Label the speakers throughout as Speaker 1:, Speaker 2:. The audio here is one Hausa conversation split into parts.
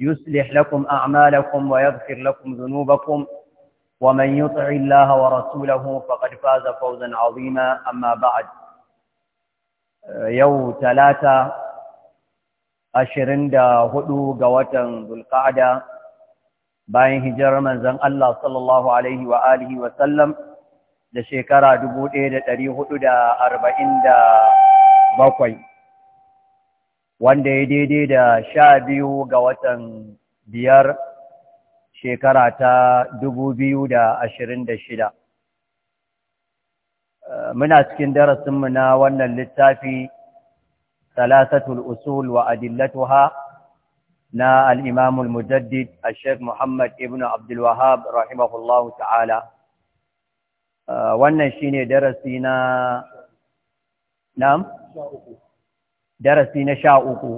Speaker 1: يصلح لكم أعمالكم ويغفر لكم ذنوبكم ومن يطع الله ورسوله فقد فاز فوزا عظيما أما بعد يو ثلاثة أشرين دا هدو قوة ذو القعدة باين هجر من زن الله صلى الله عليه وآله وسلم da shekara dubu ɗaya da ɗari hudu da arba'in da bakwai wanda ya daidai da sha biyu ga watan biyar shekara ta dubu biyu da ashirin da shida. Muna cikin darasinmu na wannan littafi, Salasatul Usul wa Adillatuha na al'imamul Mujaddid a Sheikh Muhammad Ibn Abdulwahab rahimahullahu ta'ala. Wannan shi ne darasi na Nam? Sha uku. darasi na sha uku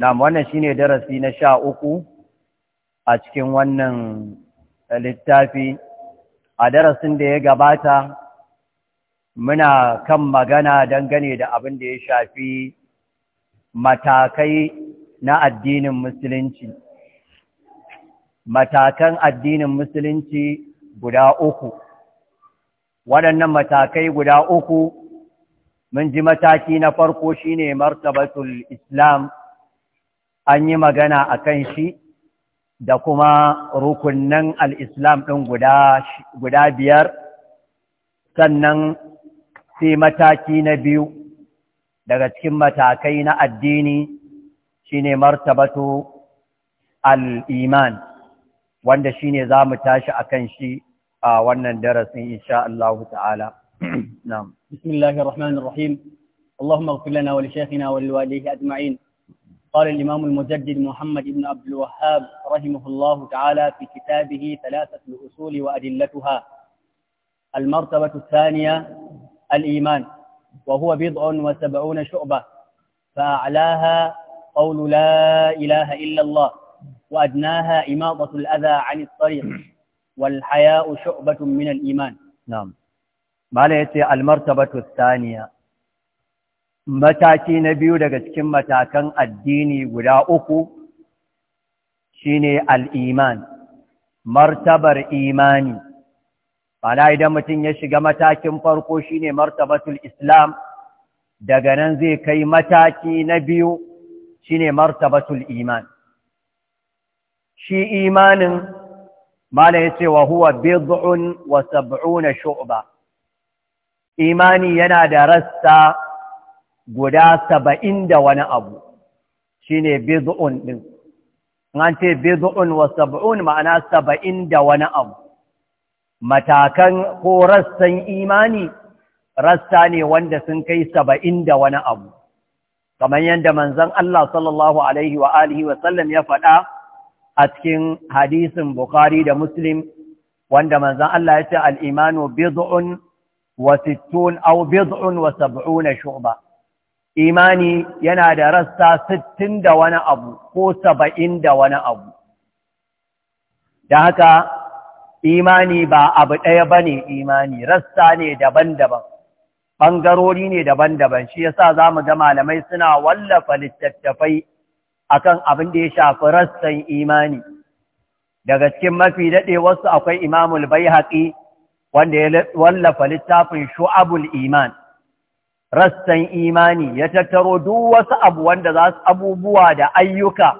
Speaker 1: na'am wannan shine darasi na sha uku a cikin wannan littafi a darasin da ya gabata muna kan magana dangane da abin da ya shafi matakai na addinin musulunci matakan addinin musulunci guda uku waɗannan matakai guda uku mun ji mataki na farko shine martabatul islam an yi magana a kan shi da kuma rukunnan al'islam ɗin guda biyar sannan sai mataki na biyu daga cikin matakai na addini shine martabatu iman wanda shine za mu tashi a kan shi a wannan darasin insha Allah ta'ala نعم بسم الله الرحمن
Speaker 2: الرحيم اللهم اغفر لنا ولشيخنا ولوالديه أجمعين قال الإمام المجدد محمد بن عبد الوهاب رحمه الله تعالى في كتابه ثلاثة الأصول وأدلتها المرتبة الثانية الإيمان وهو بضع وسبعون شعبة فأعلاها قول لا إله إلا الله وأدناها إماطة الأذى عن الطريق والحياء شعبة من الإيمان
Speaker 1: نعم mala ya ce almartabatu saniya mataki na biyu daga cikin matakan addini guda uku shine al'iman martabar imani ana idan mutum ya shiga matakin farko shine martabatul islam daga nan zai kai mataki na biyu shine martabatul iman shi imanin mala ya ce wa huwa bid'un wa sab'una shu'ba imani yana da rassa guda saba'in da wani abu shi ne bezo'un ɗin an ce bezo'un wa saba'un ma'ana saba'in da wani abu matakan ko rassan imani rassa ne wanda sun kai saba'in da wani abu kamar yadda manzon Allah sallallahu alaihi wa alihi wa sallam ya faɗa a cikin hadisin Bukhari da Muslim wanda manzon Allah ya ce al-imanu bid'un وستون أو بضع وسبعون شعبة إيماني ينادى رسا ستين دون أبو كو سبعين دون أبو دهكا imani ba abu ɗaya ba ne imani rassa ne daban-daban ɓangarori ne daban-daban shi yasa za mu ga malamai suna wallafa littattafai akan abin da ya shafi rassan imani daga cikin mafi daɗe wasu akwai imamul bai haƙi wanda ya wallafa littafin shu'abul iman rassan imani ya tattaro duk wasu abu wanda za su abubuwa da ayyuka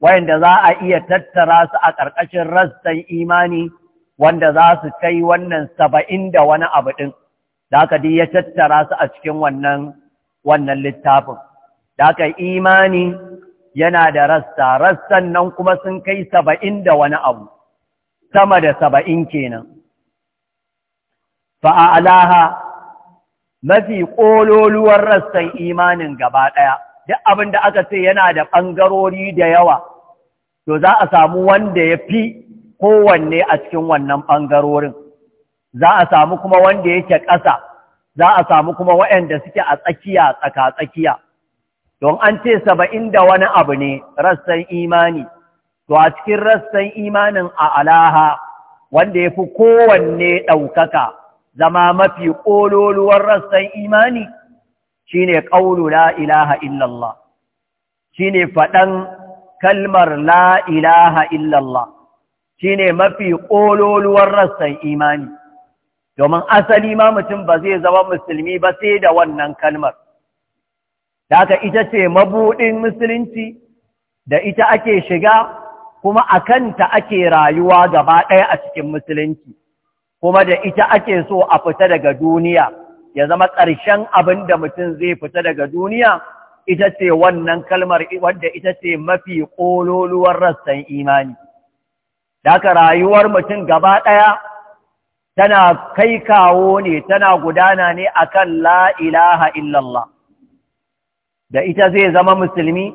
Speaker 1: wanda za a iya tattara su a ƙarƙashin rassan imani wanda za su kai wannan saba'in da wani abu ɗin da aka ya tattara su a cikin wannan wannan littafin da aka imani yana da rassa rassan nan kuma sun kai saba'in da wani abu sama da saba'in kenan fa'alaha mafi ƙololuwar rassan imanin gaba ɗaya, duk abin da aka ce yana da ɓangarori da yawa, to za a samu wanda ya fi kowanne a cikin wannan ɓangarorin, za a samu kuma wanda yake ƙasa, za a samu kuma waɗanda suke a tsakiya tsaka-tsakiya. Don an ce saba'in da wani abu ne rassan imani, to a cikin rassan imanin a alaha wanda ya fi kowanne ɗaukaka zama mafi ƙololuwar rassan imani shi ne ƙaunu la'ilaha illallah shi ne faɗan kalmar la'ilaha illallah shi ne mafi ƙololuwar rassan imani domin asali ma mutum ba zai zama musulmi ba sai da wannan kalmar da ita ce mabuɗin musulunci da ita ake shiga kuma a kanta ake rayuwa gaba ɗaya a cikin musulunci kuma da ita ake so a fita daga duniya ya zama ƙarshen abin da mutum zai fita daga duniya ita ce wannan kalmar wadda ita ce mafi ƙololuwar rassan imani da haka rayuwar mutum gaba ɗaya tana kai kawo ne tana gudana ne akan la ilaha illallah da ita zai zama musulmi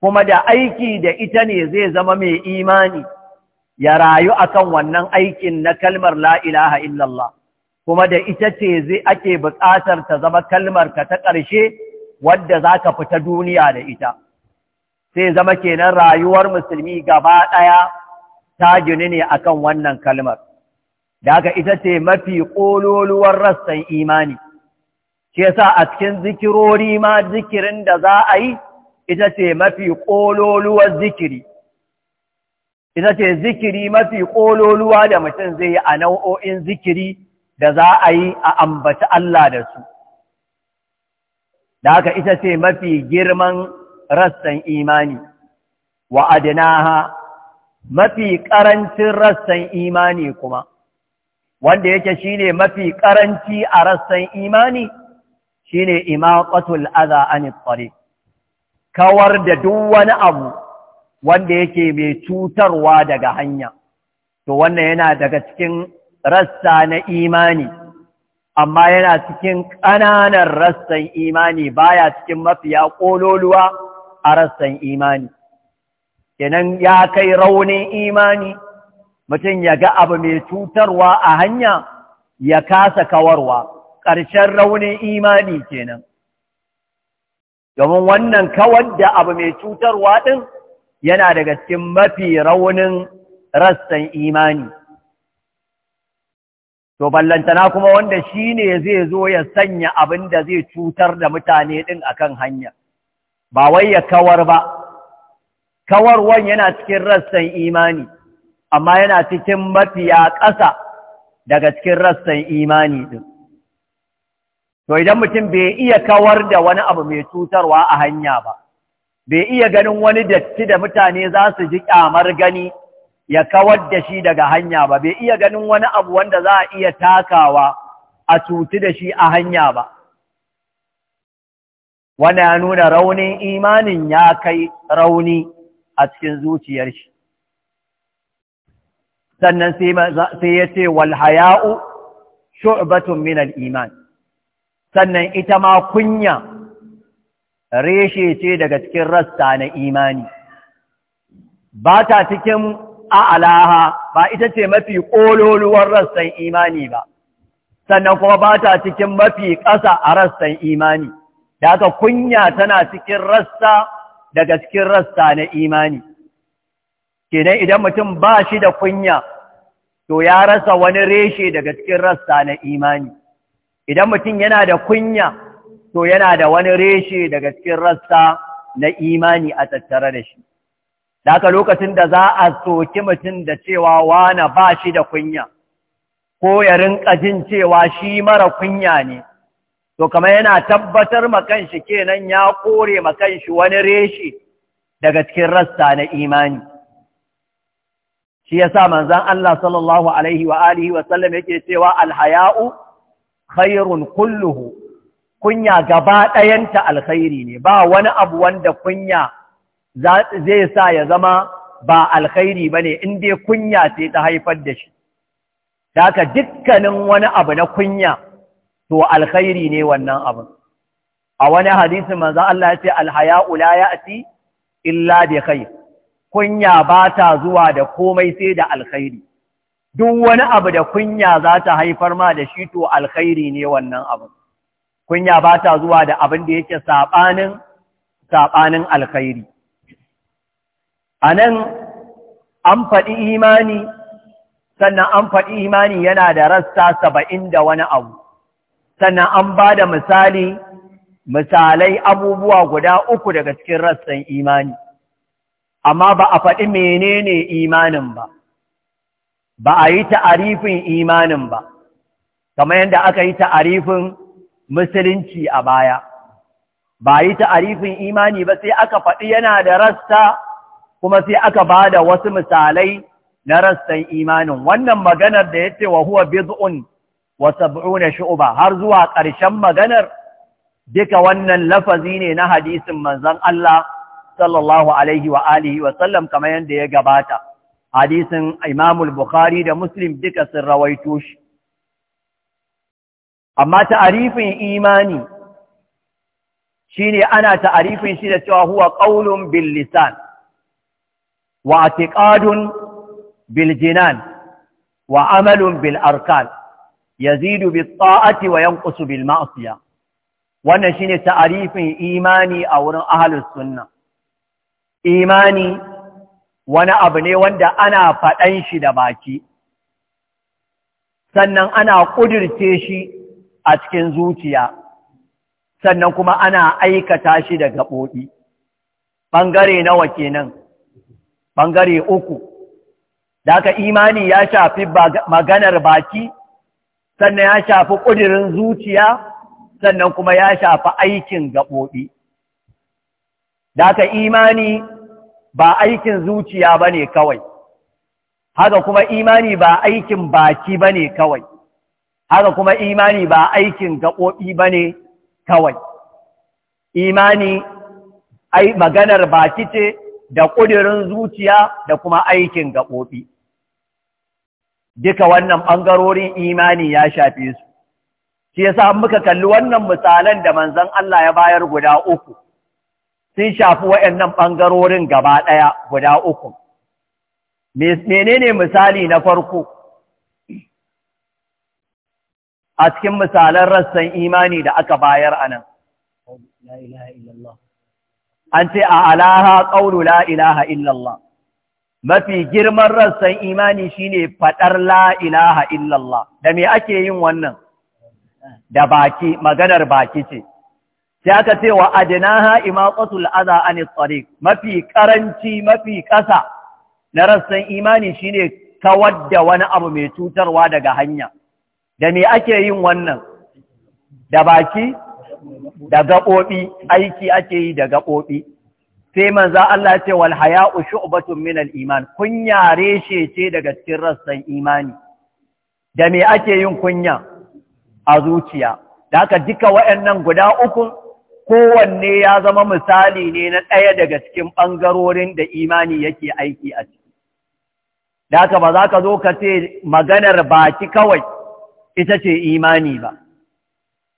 Speaker 1: kuma da aiki da ita ne zai zama mai imani ya rayu akan wannan aikin na kalmar la ilaha illallah kuma da ita ce zai ake buƙatar ta zama kalmar ka ta ƙarshe wadda za ka fita duniya da ita sai zama kenan rayuwar musulmi gaba ɗaya ta gini ne akan wannan kalmar da haka ita ce mafi ƙololuwar rassan imani Ke sa a cikin zikirori ma zikirin da za a yi ita ce mafi ƙololuwar zikiri ita ce zikiri mafi ƙololuwa da mutum zai yi a nau'o'in zikiri da za a yi a ambaci Allah da su. Da haka ita ce mafi girman rassan imani, wa adinaha mafi ƙarancin rassan imani kuma, wanda yake shi ne mafi ƙaranci a rassan imani shi ne imaƙatul aza an
Speaker 2: kawar da duk wani
Speaker 1: abu wanda yake mai cutarwa daga hanya to wannan yana daga cikin rassa na imani amma yana cikin ƙananan rassan imani baya cikin mafiya ƙololuwa a rassan imani kenan ya kai raunin imani mutum ya ga abu mai cutarwa a hanya ya kasa kawarwa ƙarshen raunin imani kenan domin wannan kawar da abu mai cutarwa ɗin yana daga cikin mafi raunin rassan imani to ballantana kuma wanda shi ne zai zo ya sanya abin da zai cutar da mutane ɗin akan hanya ba wai ya kawar ba kawarwan yana cikin rassan imani amma yana cikin mafiya ƙasa daga cikin rassan imani ɗin to idan mutum bai iya kawar da wani abu mai cutarwa a hanya ba bai iya ganin wani datti da mutane za su ji kyamar gani ya kawar da shi daga hanya ba bai iya ganin wani abu wanda za a iya takawa a cuti da shi a hanya ba wani ya nuna raunin imanin ya kai rauni a cikin zuciyar shi sannan sai ya ce walhaya'u shu’ubatun minal iman sannan ita ma kunya reshe ce daga cikin rasta na imani ba ta cikin a'alaha ba ita ce mafi ƙololuwar rastan imani ba sannan kuma ba ta cikin mafi ƙasa a rastan imani da haka kunya tana cikin rasta daga cikin rasta na imani kenan idan mutum ba shi da kunya to ya rasa wani reshe daga cikin rasta na imani idan mutum yana da kunya to yana da wani reshe daga cikin rassa na imani a tattare da shi. Daka lokacin da za a soki mutum da cewa wana ba shi da kunya, ko ya rinka jin cewa shi mara kunya ne, to kama yana tabbatar makanshi kenan ya kore kanshi wani reshe daga cikin rassa na imani. Shi ya sa manzan Allah sallallahu Alaihi wa wasallam yake cewa alhaya'u khairun kulluhu kunya gaba ɗayanta alkhairi ne ba wani abu wanda kunya zai sa ya zama ba alkhairi ba ne inda kunya sai ta haifar da shi da haka dukkanin wani abu na kunya to alkhairi ne wannan abin a wani hadisi manzo Allah ya ce ula ya ya'ti illa bi khair kunya ba ta zuwa da komai sai da alkhairi duk wani abu da kunya za ta haifar ma da shi to alkhairi ne wannan abin kunya ba ta zuwa da abin da yake saɓanin saɓanin alkhairi a nan an faɗi imani sannan an faɗi imani yana da rassa saba'in da wani abu sannan an ba da misali misalai abubuwa guda uku daga cikin rassan imani amma ba a faɗi menene imanin ba ba a yi ta'arifin imanin ba kamar yadda aka yi ta'arifin musulunci a baya ba yi ta'arifin imani ba sai aka faɗi yana da rasta kuma sai aka ba da wasu misalai na rastan imanin wannan maganar da ya ce wa huwa bid'un wa sab'una shu'ba har zuwa ƙarshen maganar duka wannan lafazi ne na hadisin manzon Allah sallallahu alaihi wa alihi wa sallam kamar yadda ya gabata hadisin Imam bukhari da Muslim duka sun rawaito shi amma ta'arifin imani shine ana ta'arifin shi da cewa huwa qaulun bil lisan wa i'tiqadun bil jinan wa amalun bil arkan yazidu bit ta'ati wa yanqusu bil ma'siyah wannan shine ta'arifin imani a wurin ahlus sunna imani wani abu ne wanda ana faɗan shi da baki sannan ana ƙudirce shi a cikin zuciya sannan kuma ana aikata shi da gaɓoɓi ɓangare nawa kenan ɓangare uku da aka imani ya shafi maganar baki sannan ya shafi ƙudirin zuciya sannan kuma ya shafi aikin gaɓoɓi da aka imani ba aikin zuciya ba ne kawai haka kuma imani ba aikin baki ba ne kawai haka kuma imani ba aikin gaɓoɓi ba ne kawai imani ai maganar baki ce da ƙudurin zuciya da kuma aikin gaɓoɓi duka wannan ɓangarorin imani ya shafe su shi yasa muka kalli wannan misalan da manzon Allah ya bayar guda uku sun shafi waɗannan ɓangarorin gaba ɗaya guda uku menene misali na farko a cikin misalan rassan imani da aka bayar a nan. An ce a alaha ƙaunu la ilaha illallah. Mafi girman rassan imani shine faɗar la ilaha illallah. Da me ake yin wannan? Da baki, maganar baki ce. Sai aka ce wa adinaha imatsatul aza anit tsariq. Mafi ƙaranci, mafi ƙasa na rassan imani shine kawar da wani abu mai cutarwa daga hanya. da me ake yin wannan da baki da gaɓoɓi aiki ake yi da gaɓoɓi sai manza Allah ce wal haya'u shu'batun min al iman kunya reshe ce daga cikin rassan imani da me ake yin kunya a zuciya da haka duka waɗannan guda uku kowanne ya zama misali ne na ɗaya daga cikin ɓangarorin da imani yake aiki a ciki da haka ba za ka zo ka ce maganar baki kawai ita ce imani ba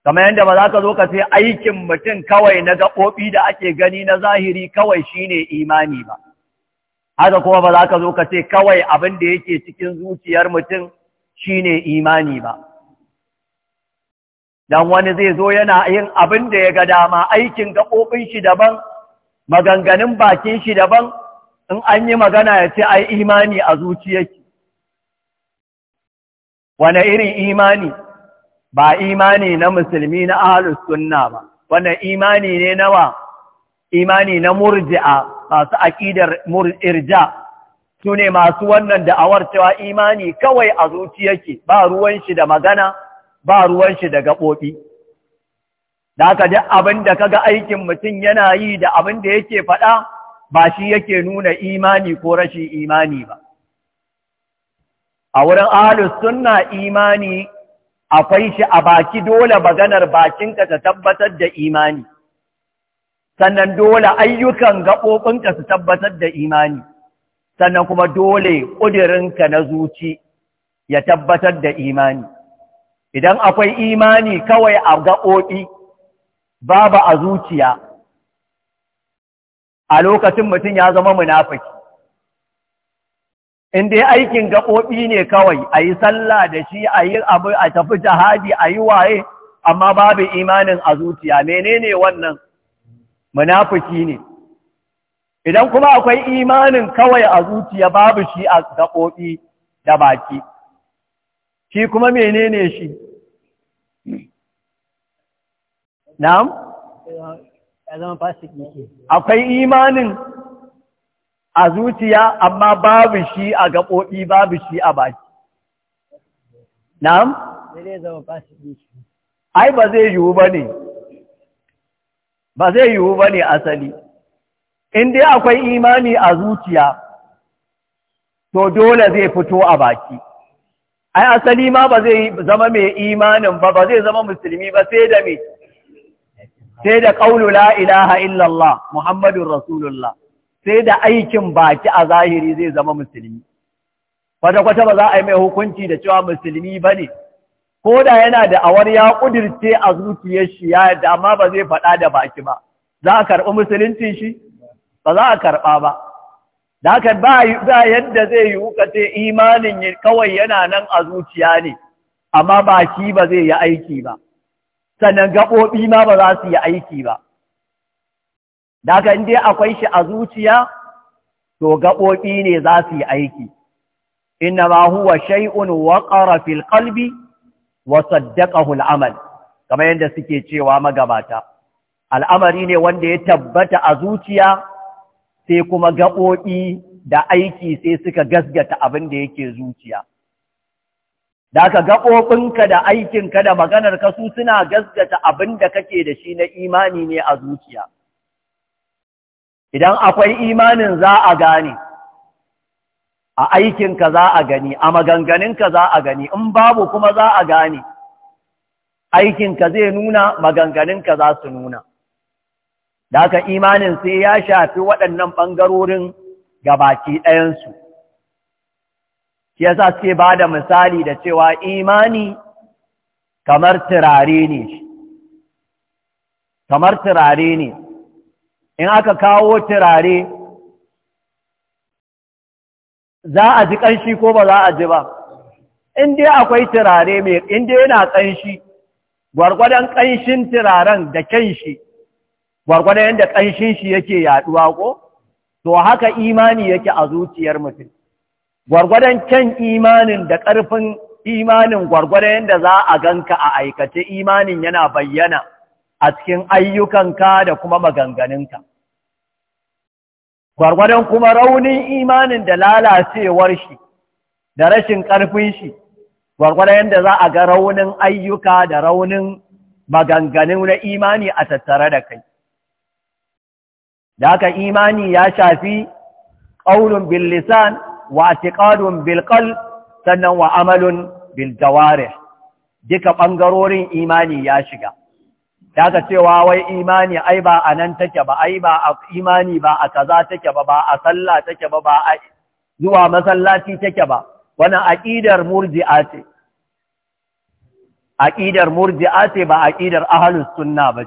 Speaker 1: Kama yadda ba za ka zo ka sai aikin mutum kawai na gaɓoɓi da ake gani na zahiri kawai shine imani ba haka kuma ba za ka zo ka ce kawai abin da yake cikin zuciyar mutum shine imani ba dan wani zai zo yana yin abin da ya ga dama aikin gaɓoɓin shi daban maganganun bakin shi daban in an yi magana ya ce ai imani a zuciyarki wane irin imani ba imani na musulmi na ahalus sunna ba wane imani ne nawa imani na murji'a masu aƙidar irja su ne masu wannan da'awar cewa imani kawai a zuci yake ba ruwan shi da magana ba ruwan shi da gaɓoɓi da aka ji abin da kaga aikin mutum yana yi da abin da yake faɗa ba shi yake nuna imani ko rashin imani ba a wurin ahalus sunna imani akwai shi a baki dole maganar bakinka ta tabbatar da imani sannan dole ayyukan gaɓoɓinka su tabbatar da imani sannan kuma dole ƙudurinka na zuci ya tabbatar da imani idan akwai imani kawai a gaɓoɓi babu a zuciya a lokacin mutum ya zama munafiki Inda ya aikin gaɓoɓi ne kawai a yi sallah da shi a yi abu a tafi jihadi a yi waye amma babu imanin a zuciya menene wannan munafiki ne idan kuma akwai imanin kawai a zuciya babu shi a gaɓoɓi da baki shi kuma menene shi na'am akwai imanin a zuciya amma babu shi a gaɓoɓi babu shi a baki na'am ai ba zai yiwu ba ne ba zai yiwu ba ne asali in dai akwai imani a zuciya to dole zai fito a baki ai asali ma ba zai zama mai imanin ba ba zai zama musulmi ba sai da mai. sai da ƙaunula ilaha illallah muhammadun rasulullah sai da aikin baki a zahiri zai zama musulmi kwata-kwata ba za a yi mai hukunci da cewa musulmi ba ne ko da yana da awar ya ƙudirce a zuciyar shi ya yadda amma ba zai faɗa da baki ba za a karɓi musulunci shi ba za a karɓa ba da haka ba yadda zai yi hukace imanin kawai yana nan a zuciya ne amma baki ba zai yi aiki ba sannan gaɓoɓi ma ba za su yi aiki ba Daga inda akwai shi a zuciya, to gaɓoɓi ne za su yi aiki. Inna ma huwa shay'un waqara fil qalbi wa saddaqahu al-amal. Kamar yadda suke cewa magabata. Al'amari ne wanda ya tabbata a zuciya sai kuma gaɓoɓi da aiki sai suka gasgata abin da yake zuciya. da ka gaɓoɓinka da aikinka da maganarka su suna gasgata abin da kake da shi na imani ne a zuciya. idan akwai imanin za a gane a aikinka za a gani a maganganunka za a gani in babu kuma za a gane aikinka zai nuna maganganunka za su nuna da haka imanin sai ya shafi waɗannan ɓangarorin gabaki ɗayansu shi yasa suke ba da misali da cewa imani kamar turare ne kamar turare ne in aka kawo turare za a ji ƙanshi ko ba za a ji ba in dai akwai turare mai in dai yana ƙanshi gwargwadon ƙanshin turaren da kyan shi gwargwadon yadda ƙanshin shi yake yaɗuwa ko to haka imani yake a zuciyar mutum gwargwadon kyan imanin da ƙarfin imanin gwargwadon yadda za a ganka a aikace imanin yana bayyana a cikin ayyukanka da kuma maganganunka gwargwadon kuma raunin imanin da lalacewar shi da rashin ƙarfin shi gwargwadon yadda za a ga raunin ayyuka da raunin maganganun na imani a tattare da kai da haka imani ya shafi ƙaunin billisan wa atiƙadun bilkal sannan wa amalin gawarar, duka ɓangarorin imani ya shiga ka cewa wai imani ai ba a nan take ba ai ba a imani ba a kaza take ba ba a sallah take ba ba a zuwa masallaci take ba wannan aqidar murji'a ce aqidar murji'a ce ba aqidar ahlus sunna ba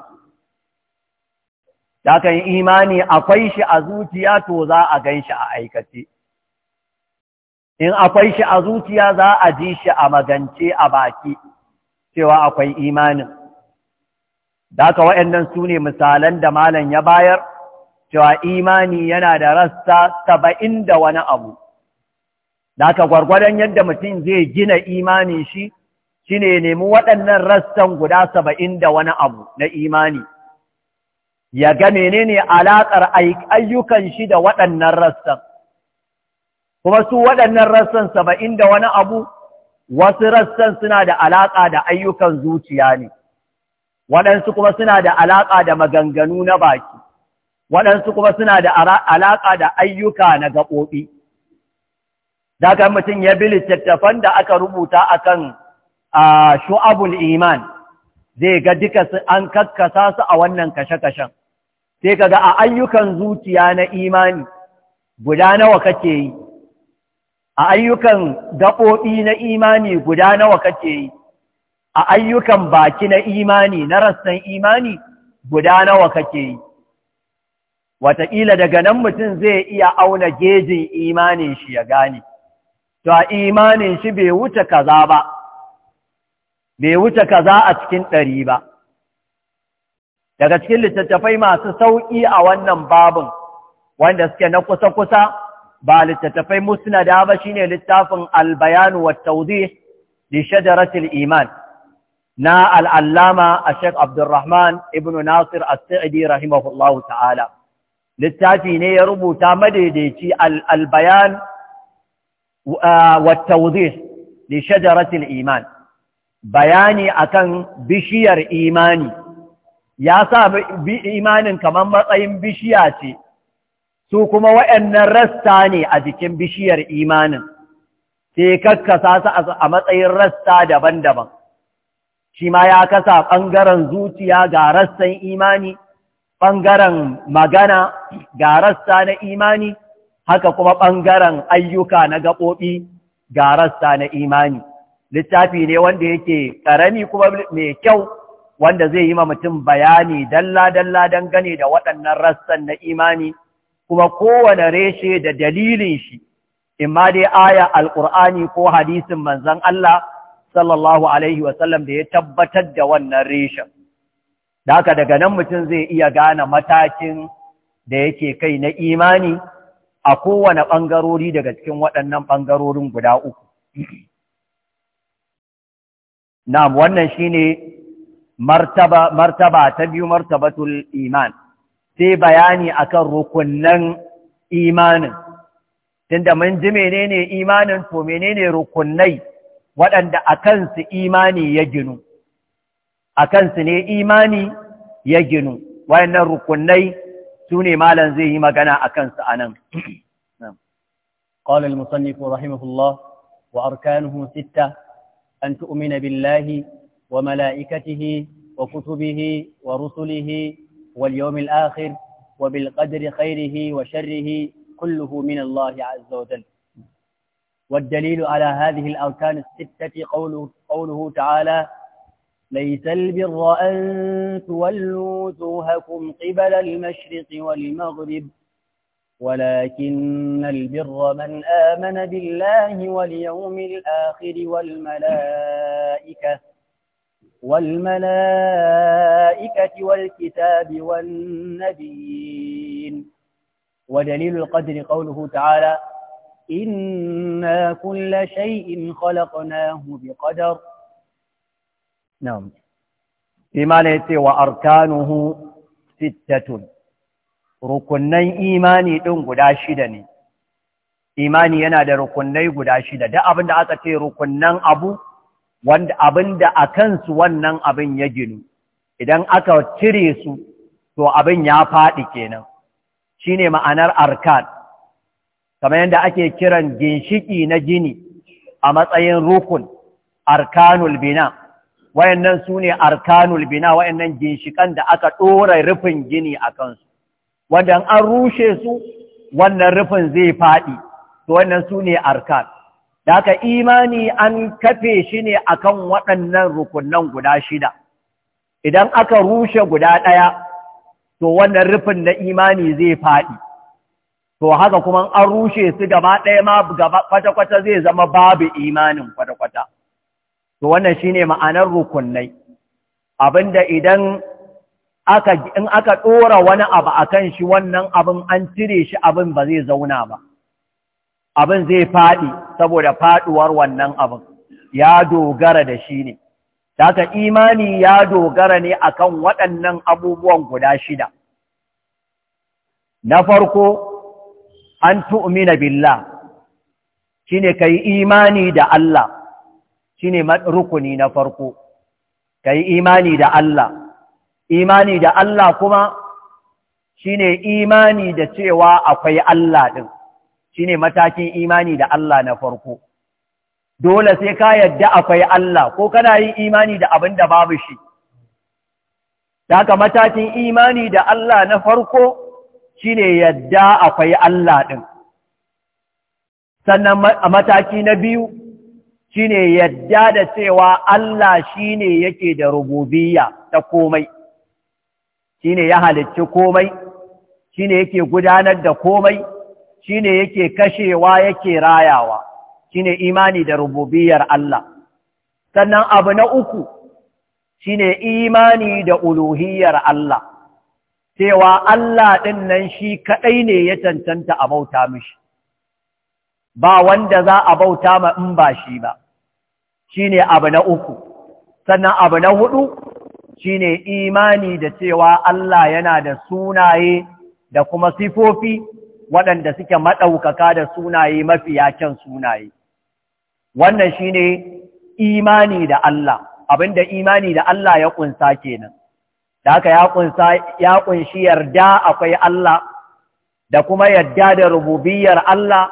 Speaker 1: ce yi imani akwai shi a zuciya to za a ganshi a aikace in akwai shi a zuciya za a ji shi a magance a baki cewa akwai imanin da haka waɗannan su ne misalan da malam ya bayar cewa imani yana da rassa saba'in da wani abu da haka gwargwadon yadda mutum zai gina imani shi shi ne nemi waɗannan rassan guda saba'in da wani abu na imani ya ga menene alaƙar ayyukan shi da waɗannan rassan kuma su waɗannan rassan saba'in da wani abu wasu rassan suna da alaƙa da ayyukan zuciya ne waɗansu kuma suna da alaƙa da maganganu na baki waɗansu kuma suna da alaƙa da ayyuka na gaɓoɓi daga mutum ya bi littattafan da aka rubuta akan shu'abul iman zai ga duka an kakkasa su a wannan kashe-kashen sai ka ga a ayyukan zuciya na imani guda nawa kake yi a ayyukan gaɓoɓi na imani guda nawa kake yi a ayyukan baki na imani na rassan imani guda nawa kake yi wataƙila daga nan mutum zai iya auna gejin imanin shi ya gane to a imanin shi bai wuce kaza ba bai wuce kaza a cikin ɗari ba daga cikin littattafai masu sauƙi a wannan babin wanda suke na kusa-kusa ba littattafai da ba shi ne littafin albayanu wa tawdih li shadaratul iman na al'allama a Sheikh Abdulrahman ibn Nasir As-Sa'idi rahimahullahu ta'ala. Littafi ne ya rubuta madaidaici al'albayan wata wuzir da iman, bayani akan bishiyar imani, ya sa imanin kamar matsayin bishiya ce, su kuma waɗannan rasta ne a jikin bishiyar imanin, sai kakkasa su a matsayin rasta daban-daban. shi ma ya kasa ɓangaren zuciya ga rassan imani ɓangaren magana ga rassa na imani haka kuma ɓangaren ayyuka na gaɓoɓi ga rassa na imani littafi ne wanda yake ƙarami kuma mai kyau wanda zai yi ma mutum bayani dalla-dalla dangane da waɗannan rassan na imani kuma kowane reshe da dalilin shi In ma dai aya alƙur'ani ko hadisin manzan Allah sallallahu alaihi wasallam da ya tabbatar da wannan reshen da daga nan mutum zai iya gane matakin da yake kai na imani a kowane ɓangarori daga cikin waɗannan ɓangarorin guda uku na wannan shine martaba martaba ta biyu martabatul iman sai bayani akan rukunnan imanin tunda mun ji menene imanin to menene rukunnai waɗanda a kansu imani ya ginu a kansu ne imani ya ginu wayannan rukunai su ne malam zai yi magana a kansu a nan قال المصنف رحمه الله وأركانه ستة
Speaker 2: أن تؤمن بالله وملائكته وكتبه ورسله واليوم الآخر وبالقدر خيره وشره كله من الله عز وجل والدليل على هذه الأركان الستة قوله, قوله تعالى ليس البر أن تولوا وجوهكم قبل المشرق والمغرب ولكن البر من آمن بالله واليوم الآخر والملائكة والملائكة والكتاب والنبيين ودليل القدر قوله تعالى إنا كل شيء خلقناه بقدر
Speaker 1: نعم إيمانه وأركانه ستة rukunnai imani ɗin guda shida ne imani yana da rukunnai guda shida da abinda aka ce rukunnan abu abinda a kansu wannan abin ya ginu idan aka cire su to abin ya faɗi kenan shine ma'anar arkan kamar yadda ake kiran ginshiki na jini a matsayin rukun arkanul bina wayannan su ne arkanul bina wayannan ginshikan da aka ɗora rufin gini a kansu wanda an rushe su wannan rufin zai faɗi to wannan su ne arkan da aka imani an kafe shi ne akan waɗannan rukunan guda shida idan aka rushe guda ɗaya to wannan rufin na imani zai faɗi to haka kuma an rushe su gaba ɗaya ma kwata-kwata zai zama babu imanin kwata-kwata to wannan shine ma'anar rukunai abinda idan aka in aka ɗora wani abu a kan shi wannan abin an cire shi abin ba zai zauna ba abin zai faɗi saboda faɗuwar wannan abin ya dogara da shi ne taka imani ya dogara ne akan waɗannan abubuwan guda shida. Na farko, an tu'mina billah shine kai imani da Allah shine rukuni na farko kai imani da Allah imani da Allah kuma shine imani da cewa akwai Allah din shine matakin imani da Allah na farko dole sai ka yadda akwai Allah ko kana yin imani da abin da babu shi daga matakin imani da Allah na farko shine yadda akwai Allah ɗin. Sannan a mataki na biyu shine yadda da cewa Allah shine yake da rububiyya ta komai, shine ya halicci komai, shine yake gudanar da komai, shine yake kashewa yake rayawa, shine imani da rububiyyar Allah. Sannan abu na uku shine imani da uluhiyyar Allah. cewa Allah ɗin nan shi kaɗai ne ya cancanta a bauta mishi, ba wanda za a bauta ma in ba shi ba, shi ne abu na uku, sannan abu na hudu shi ne imani da cewa Allah yana da sunaye da kuma sifofi waɗanda suke maɗaukaka da sunaye mafi kyan sunaye. Wannan shi ne imani da Allah, abinda imani da Allah ya ƙunsa kenan. da haka ya kunshi yarda akwai Allah da kuma yadda da rububiyar Allah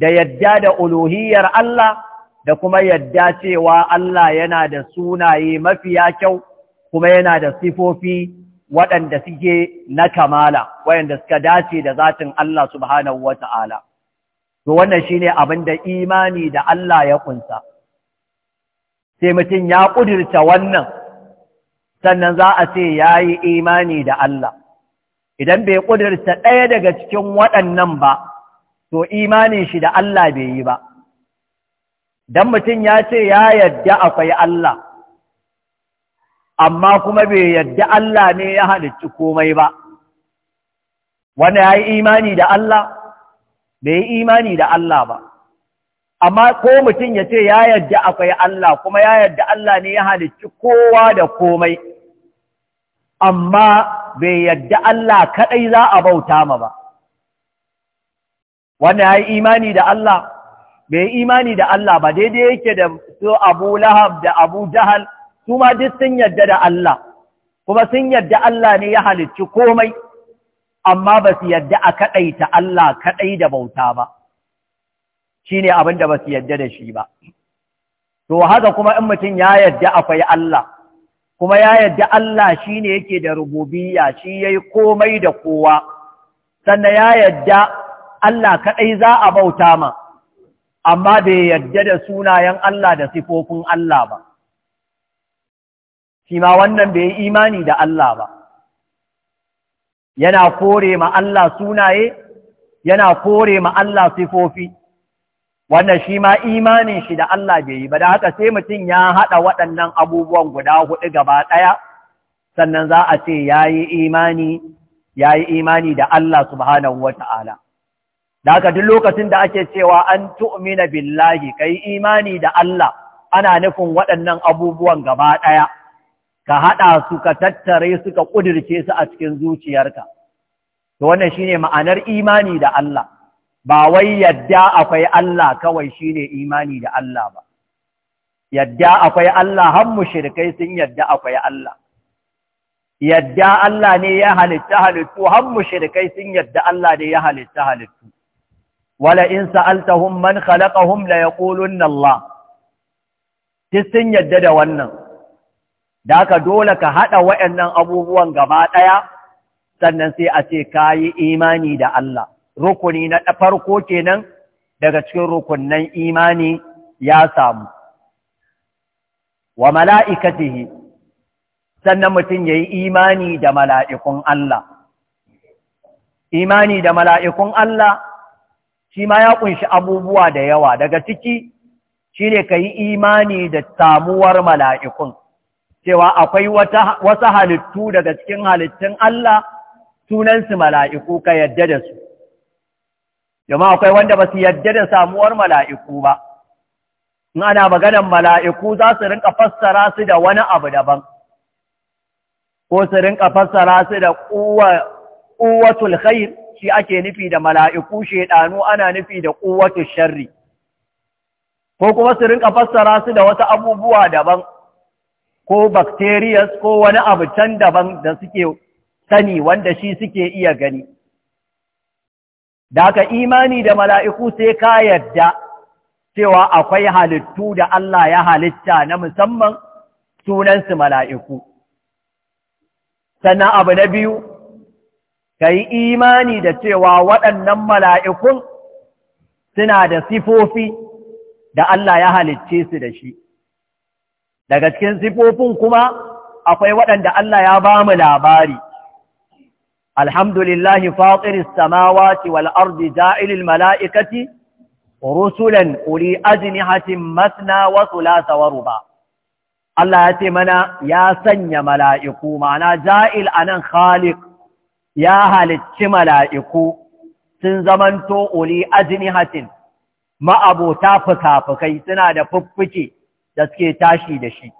Speaker 1: da yadda da uluhiyar Allah da kuma yadda cewa Allah yana da sunaye mafiya kyau kuma yana da sifofi waɗanda suke na kamala waɗanda suka dace da zatin Allah subhanahu wata'ala
Speaker 2: to wannan shine
Speaker 1: abin da imani da Allah ya kunsa sai mutum ya ƙudurta wannan sannan za a ce ya yi imani da Allah idan bai ƙudurta ɗaya daga cikin waɗannan ba to imanin shi da Allah bai yi ba don mutum ya ce ya yadda akwai Allah amma kuma bai yadda Allah ne ya halicci komai ba wanda ya yi imani da Allah bai yi imani da Allah ba amma ko mutum ya ce ya yadda akwai Allah kuma ya yadda Allah ne ya halicci kowa da komai amma bai yadda Allah kaɗai za a bauta ma ba wanda ya yi imani da Allah bai imani da Allah ba daidai yake da su Abu Lahab da Abu Jahal su ma duk sun yadda da Allah kuma sun yadda Allah ne ya halicci komai amma ba su yadda a kaɗai ta Allah kaɗai da bauta ba shi ne abin da ba su yadda da shi ba to haka kuma in mutum ya yadda akwai Allah kuma ya yadda Allah shi ne yake da rububiyya shi ya yi komai da kowa sannan ya yadda Allah kaɗai za a bauta ma amma bai yadda da sunayen Allah da sifofin Allah ba shi ma wannan bai yi imani da Allah ba yana kore ma Allah sunaye yana kore ma Allah sifofi wannan shi ma imanin shi da Allah bai yi ba da haka sai mutum ya haɗa waɗannan abubuwan guda hudu gaba ɗaya sannan za a ce ya yi imani ya imani da Allah subhanahu wa ta'ala da haka duk lokacin da ake cewa an tu'mina billahi ka imani da Allah ana nufin waɗannan abubuwan gaba ɗaya ka haɗa su ka tattare su ka ƙudirce su a cikin zuciyarka to wannan shine ma'anar imani da Allah ba wai yadda akwai Allah kawai shine imani da Allah ba yadda akwai Allah har mushrikai sun yadda akwai Allah yadda Allah ne ya halitta halittu har mushirikai sun yadda Allah ne ya halitta halittu wala in sa'altahum man khalaqahum la ƙulun Allah sun yadda da wannan da aka dole ka haɗa waɗannan abubuwan gaba ɗaya sannan sai a ce ka yi imani da Allah rukuni na farko kenan daga cikin rukunnan imani ya samu wa mala'ikatihi sannan mutum ya yi imani da mala'ikun Allah imani da mala'ikun Allah shi ma ya ƙunshi abubuwa da yawa daga ciki shi ne ka yi imani da samuwar mala'ikun cewa akwai wasu halittu daga cikin halittun Allah sunansu mala'iku ka yadda da su jama'a akwai wanda ba su yadda da samuwar mala'iku ba in ana maganan mala'iku za su rinka fassara su da wani abu daban ko su rinka fassara su da ƙuwatul khair shi ake nufi da mala'iku shaidanu ana nufi da ƙuwatul sharri ko kuma su rinka fassara su da wata abubuwa daban ko bakteriyas, ko wani abu can daban da suke sani wanda shi suke iya gani da imani da mala'iku sai ka yarda cewa akwai halittu da Allah ya halitta na musamman sunansu mala'iku. Sannan abu na biyu, ka yi imani da cewa waɗannan mala'ikun suna da sifofi da Allah ya halicce su da shi. Daga cikin sifofin kuma akwai waɗanda Allah ya ba mu labari. الحمد لله فاطر السماوات والأرض جائل الملائكة رسلا أولي أجنحة مثنى وثلاث وربا Allah ya ce mana ya sanya mala'iku, mana ja'il anan nan ya halicci mala'iku sun zamanto uli ajini hatin, ma'abota fuka-fukai suna da fuffuke da suke tashi da shi.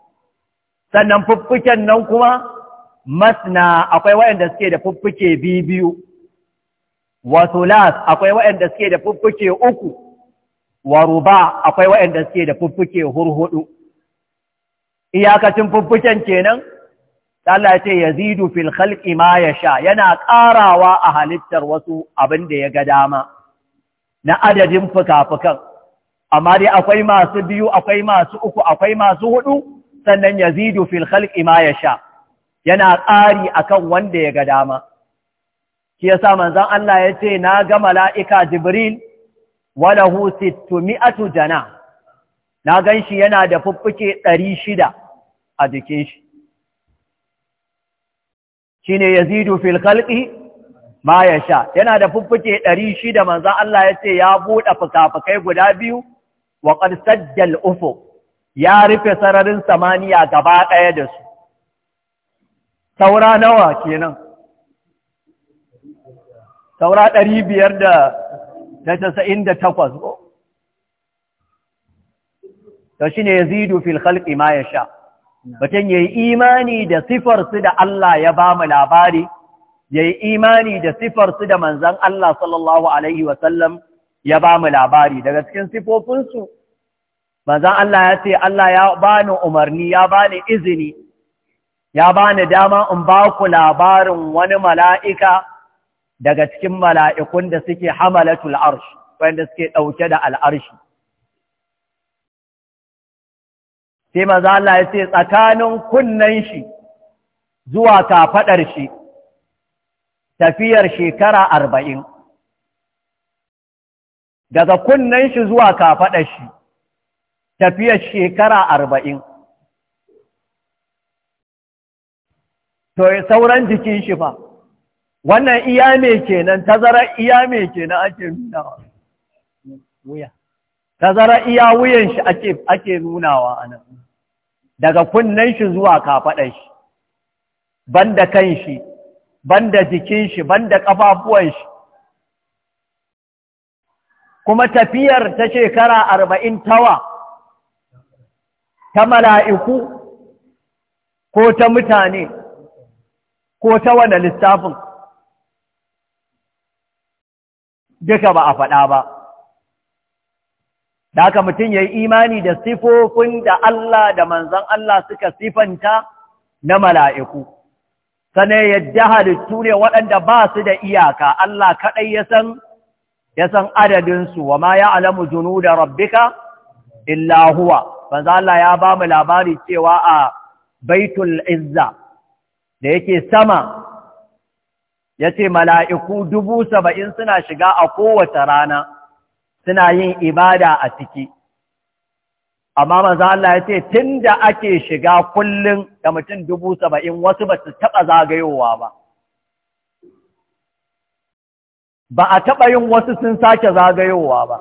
Speaker 1: Sannan fuffuken nan kuma masna akwai waɗanda suke da fuffuke biyu wa las akwai waɗanda suke da fuffuke uku wa ruba akwai waɗanda suke da fuffuke hurhudu iyakacin fuffuken kenan Allah ce yazidu fil khalqi ma yasha yana ƙarawa a halittar wasu abin da ya ga dama na adadin fuka-fukan amma dai akwai masu biyu akwai masu uku akwai masu hudu sannan yazidu fil khalqi ma yasha yana ƙari akan wanda ya ga dama shi yasa manzon Allah ya ce na ga mala'ika Jibril walahu sittumi'atu jana na gan shi yana da fuffuke ɗari shida a jikin shi shi ne ya zidu fil kalƙi ma ya sha yana da fuffuke ɗari shida manzan Allah ya ce ya buɗe fuka guda biyu wa ƙarsar ufo ya rufe sararin samaniya gaba ɗaya da su Saura nawa kenan Saura ɗari biyar da tasa'in da takwas ko to shi ne zidu fil halƙi ma ya sha batun ya imani da sifarsu da Allah ya ba mu labari ya imani da sifarsu da manzan Allah sallallahu Alaihi wasallam ya ba mu labari daga cikin sifofinsu manzan Allah ya ce Allah ya bani umarni ya bani izini ya bani dama in ba ku labarin wani mala'ika daga cikin mala'ikun da suke hamalatul arsh wanda suke ɗauke da al'arshi. Sai maza Allah ya ce tsakanin kunnen shi zuwa kafaɗar shi tafiyar shekara arba'in. Daga kunnen shi zuwa kafaɗar shi tafiyar shekara arba'in. to yi sauran jikin shi fa wannan iya kenan tazara iya ke nan ake nunawa wuya tazara iya wuyan shi ake ake nunawa anan daga kunnen shi zuwa faɗa shi Ban da kan shi ban da jikin shi ban da ƙafafuwan shi kuma tafiyar ta shekara arba'in tawa ta mala'iku ko ta mutane ko ta wane lissafin duka ba a faɗa ba da haka mutum ya imani da sifofin da Allah da manzan Allah suka sifanta na mala'iku ya yadda halittu ne waɗanda ba su da iyaka Allah kaɗai ya san ya san adadinsu wa ma ya alamu junu da rabbika illa huwa banza Allah ya ba mu labari cewa a baitul izza da yake sama ya ce mala'iku dubu saba'in suna shiga a kowace rana suna yin ibada a ciki amma maza Allah ya ce tun da ake shiga kullum da mutum dubu saba'in wasu ba su taɓa zagayowa ba ba a taɓa yin wasu sun sake zagayowa ba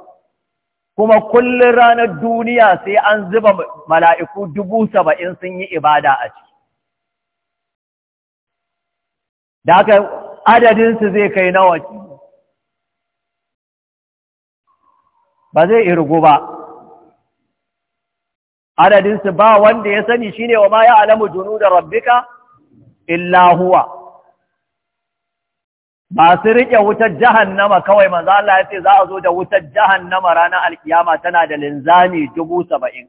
Speaker 1: kuma kullum ranar duniya sai an zuba mala'iku dubu saba'in sun yi ibada a ciki da aka adadinsu zai kai nawa ba zai irgu ba adadinsu ba wanda ya sani shi ne wa ma ya alamu junu da rabbika illa huwa su riƙe wutar jahannama kawai manzo Allah ya ce za a zo da wutar jahannama ranar alkiyama tana da linzami dubu saba'in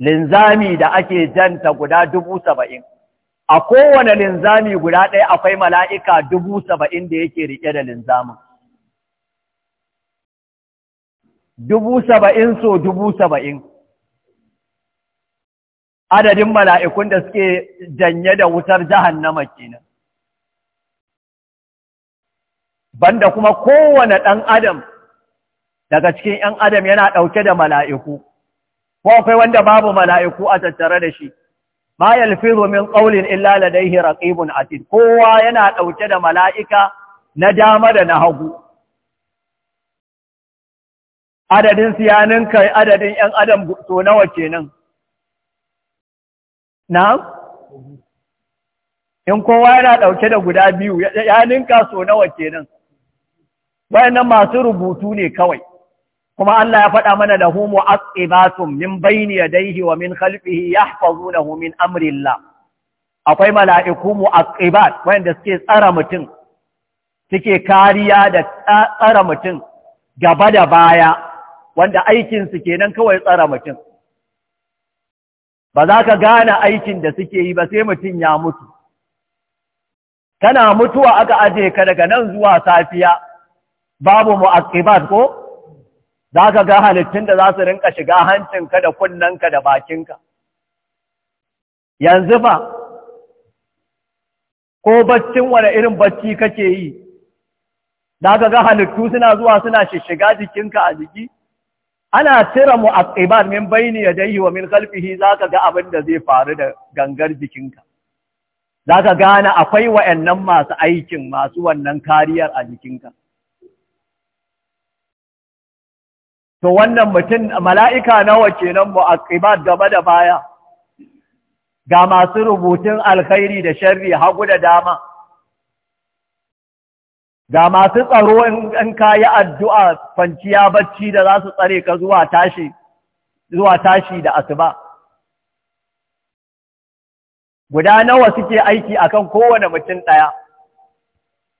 Speaker 1: linzami da ake janta guda dubu saba'in a kowane linzami guda ɗaya akwai mala'ika dubu saba'in da yake riƙe da linzamin. Dubu saba'in so dubu saba'in. Adadin mala'ikun da suke janye da wutar jahannama kenan. Banda kuma kowane ɗan adam daga cikin ‘yan adam yana ɗauke da mala'iku, ko akwai wanda babu mala'iku a tattare da shi. ma yalfizu min qawlin illa ladayhi raqibun atid kowa yana ɗauke da mala'ika na dama da na hagu adadin siyanin kai adadin ‘yan adam so nawa kenan Na? in kowa yana ɗauke da guda biyu ya ninka so nawa kenan wayannan masu rubutu ne kawai kuma Allah ya faɗa mana lahu mu'aqibatun min bayni yadayhi wa min khalfihi yahfazunahu min amrillah akwai mala'iku mu mu'aqibat wanda suke tsara mutum suke kariya da tsara mutum gaba da baya wanda aikin su kenan kawai tsara mutum ba za ka gane aikin da suke yi ba sai mutum ya mutu kana mutuwa aka aje ka daga nan zuwa safiya babu mu mu'aqibat ko za ka ga halittun da za su rinka shiga hancinka da kunnanka da bakinka yanzu ba ko baccin wane irin bacci kake yi za ka ga halittu suna zuwa suna shiga jikinka a jiki ana cire mu a tsibar min baini ya dai wa min kalfihi za ka ga abin da zai faru da gangar jikinka
Speaker 2: za ka gane akwai
Speaker 1: waɗannan masu aikin masu wannan kariyar a jikinka to wannan mutum mala'ika nawa kenan ƙibar gaba da baya ga masu rubutun alkhairi da sharri hagu da dama ga masu tsaro in kayi addu'a kwanciya bacci da za su tsare ka zuwa tashi zuwa tashi da asuba guda nawa suke aiki akan kowane mutum ɗaya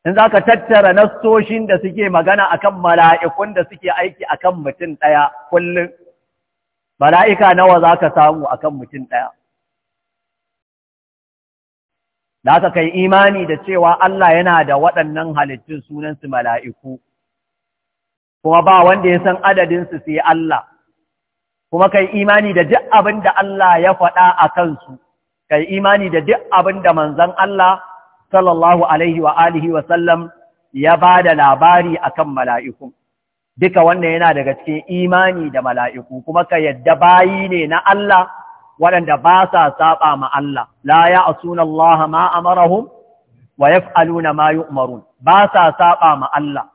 Speaker 1: in za ka tattara nassoshin da suke magana akan mala'ikun da suke aiki akan mutum ɗaya kullum
Speaker 2: mala'ika nawa za ka
Speaker 1: samu akan mutum ɗaya da aka kai imani da cewa Allah yana da waɗannan halittun sunansu mala'iku kuma ba wanda ya san adadinsu sai Allah kuma kai imani da duk abin da Allah ya faɗa a kansu kai imani da duk abin da manzan Allah sallallahu alaihi wa alihi wa sallam ya ba da labari akan mala'iku duka wannan yana daga cikin imani da mala'iku kuma ka yadda bayi ne na Allah waɗanda ba sa saba ma Allah la ya Allah ma amarahum wa yaf'aluna ma yu'marun ba sa saba ma Allah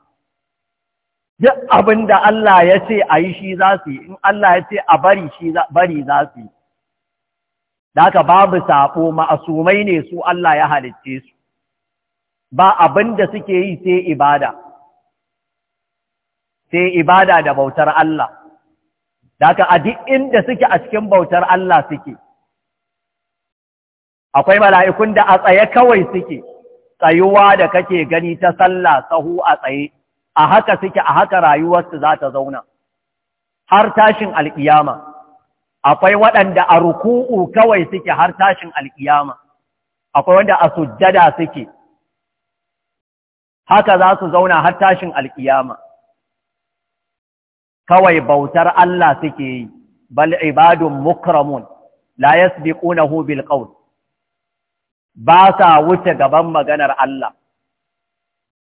Speaker 1: duk abinda Allah ya ce a yi shi za su yi in Allah ya ce a bari shi bari za su yi da babu sabo ma'asumai ne su Allah ya halicce su ba abin da suke yi sai ibada sai ibada da bautar Allah daga a duk inda suke a cikin bautar Allah suke akwai mala'ikun da a tsaye kawai suke tsayuwa da kake gani ta sallah sahu a tsaye a haka suke a haka rayuwarsu za ta zauna har tashin alƙiyama akwai waɗanda a ruku'u kawai suke har tashin alƙiyama akwai wanda a sujjada suke haka za su zauna har tashin alkiyama kawai bautar Allah suke yi bal ibadun mukramun la yasbiqunahu bil qawl ba sa wuce gaban maganar Allah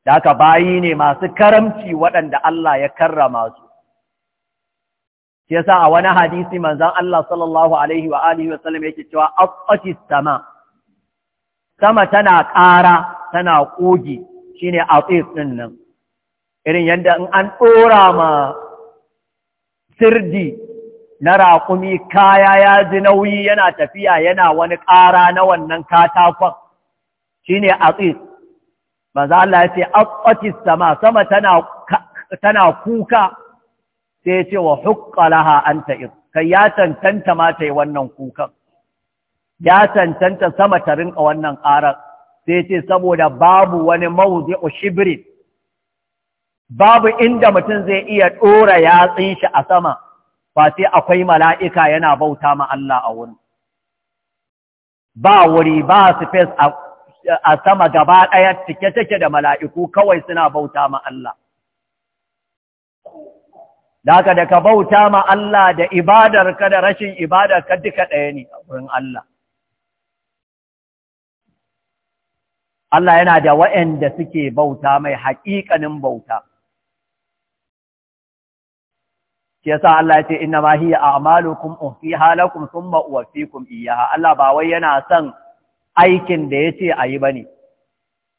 Speaker 1: da bayi ne masu karamci waɗanda Allah ya karrama su shi yasa a wani hadisi manzon Allah sallallahu alaihi wa alihi wa sallam yake cewa asqati sama sama tana ƙara tana kogi. Shi ne atif ɗin nan irin yadda in an ɗora ma sirdi na raƙumi kaya ya ji nauyi yana tafiya yana wani ƙara na wannan katakon shine atif za Allah ya ce aqatis sama sama tana kuka sai ya ce wa hukka laha anta kai ya tantanta ma ta yi wannan kukan ya tantanta sama ta rinka wannan ƙarar sai ce saboda babu wani mawuzi'u shibiri babu inda mutum zai iya ɗora yatsun shi a sama ba sai akwai mala'ika yana bauta ma Allah a wuri. ba wuri ba space a sama gaba ɗaya cike take da mala'iku kawai suna bauta ma Allah Daka da bauta ma Allah da ibadar ka da rashin ibadar ka duka ɗaya ne a wurin Allah Allah yana da wayanda suke bauta mai haƙiƙanin bauta. Ke sa Allah ya ce, Inna ma hiya a'malukum uhfi halakum summa uwaffikum iyyaha. Allah ba wai yana son aikin da ya ce a yi ba ne.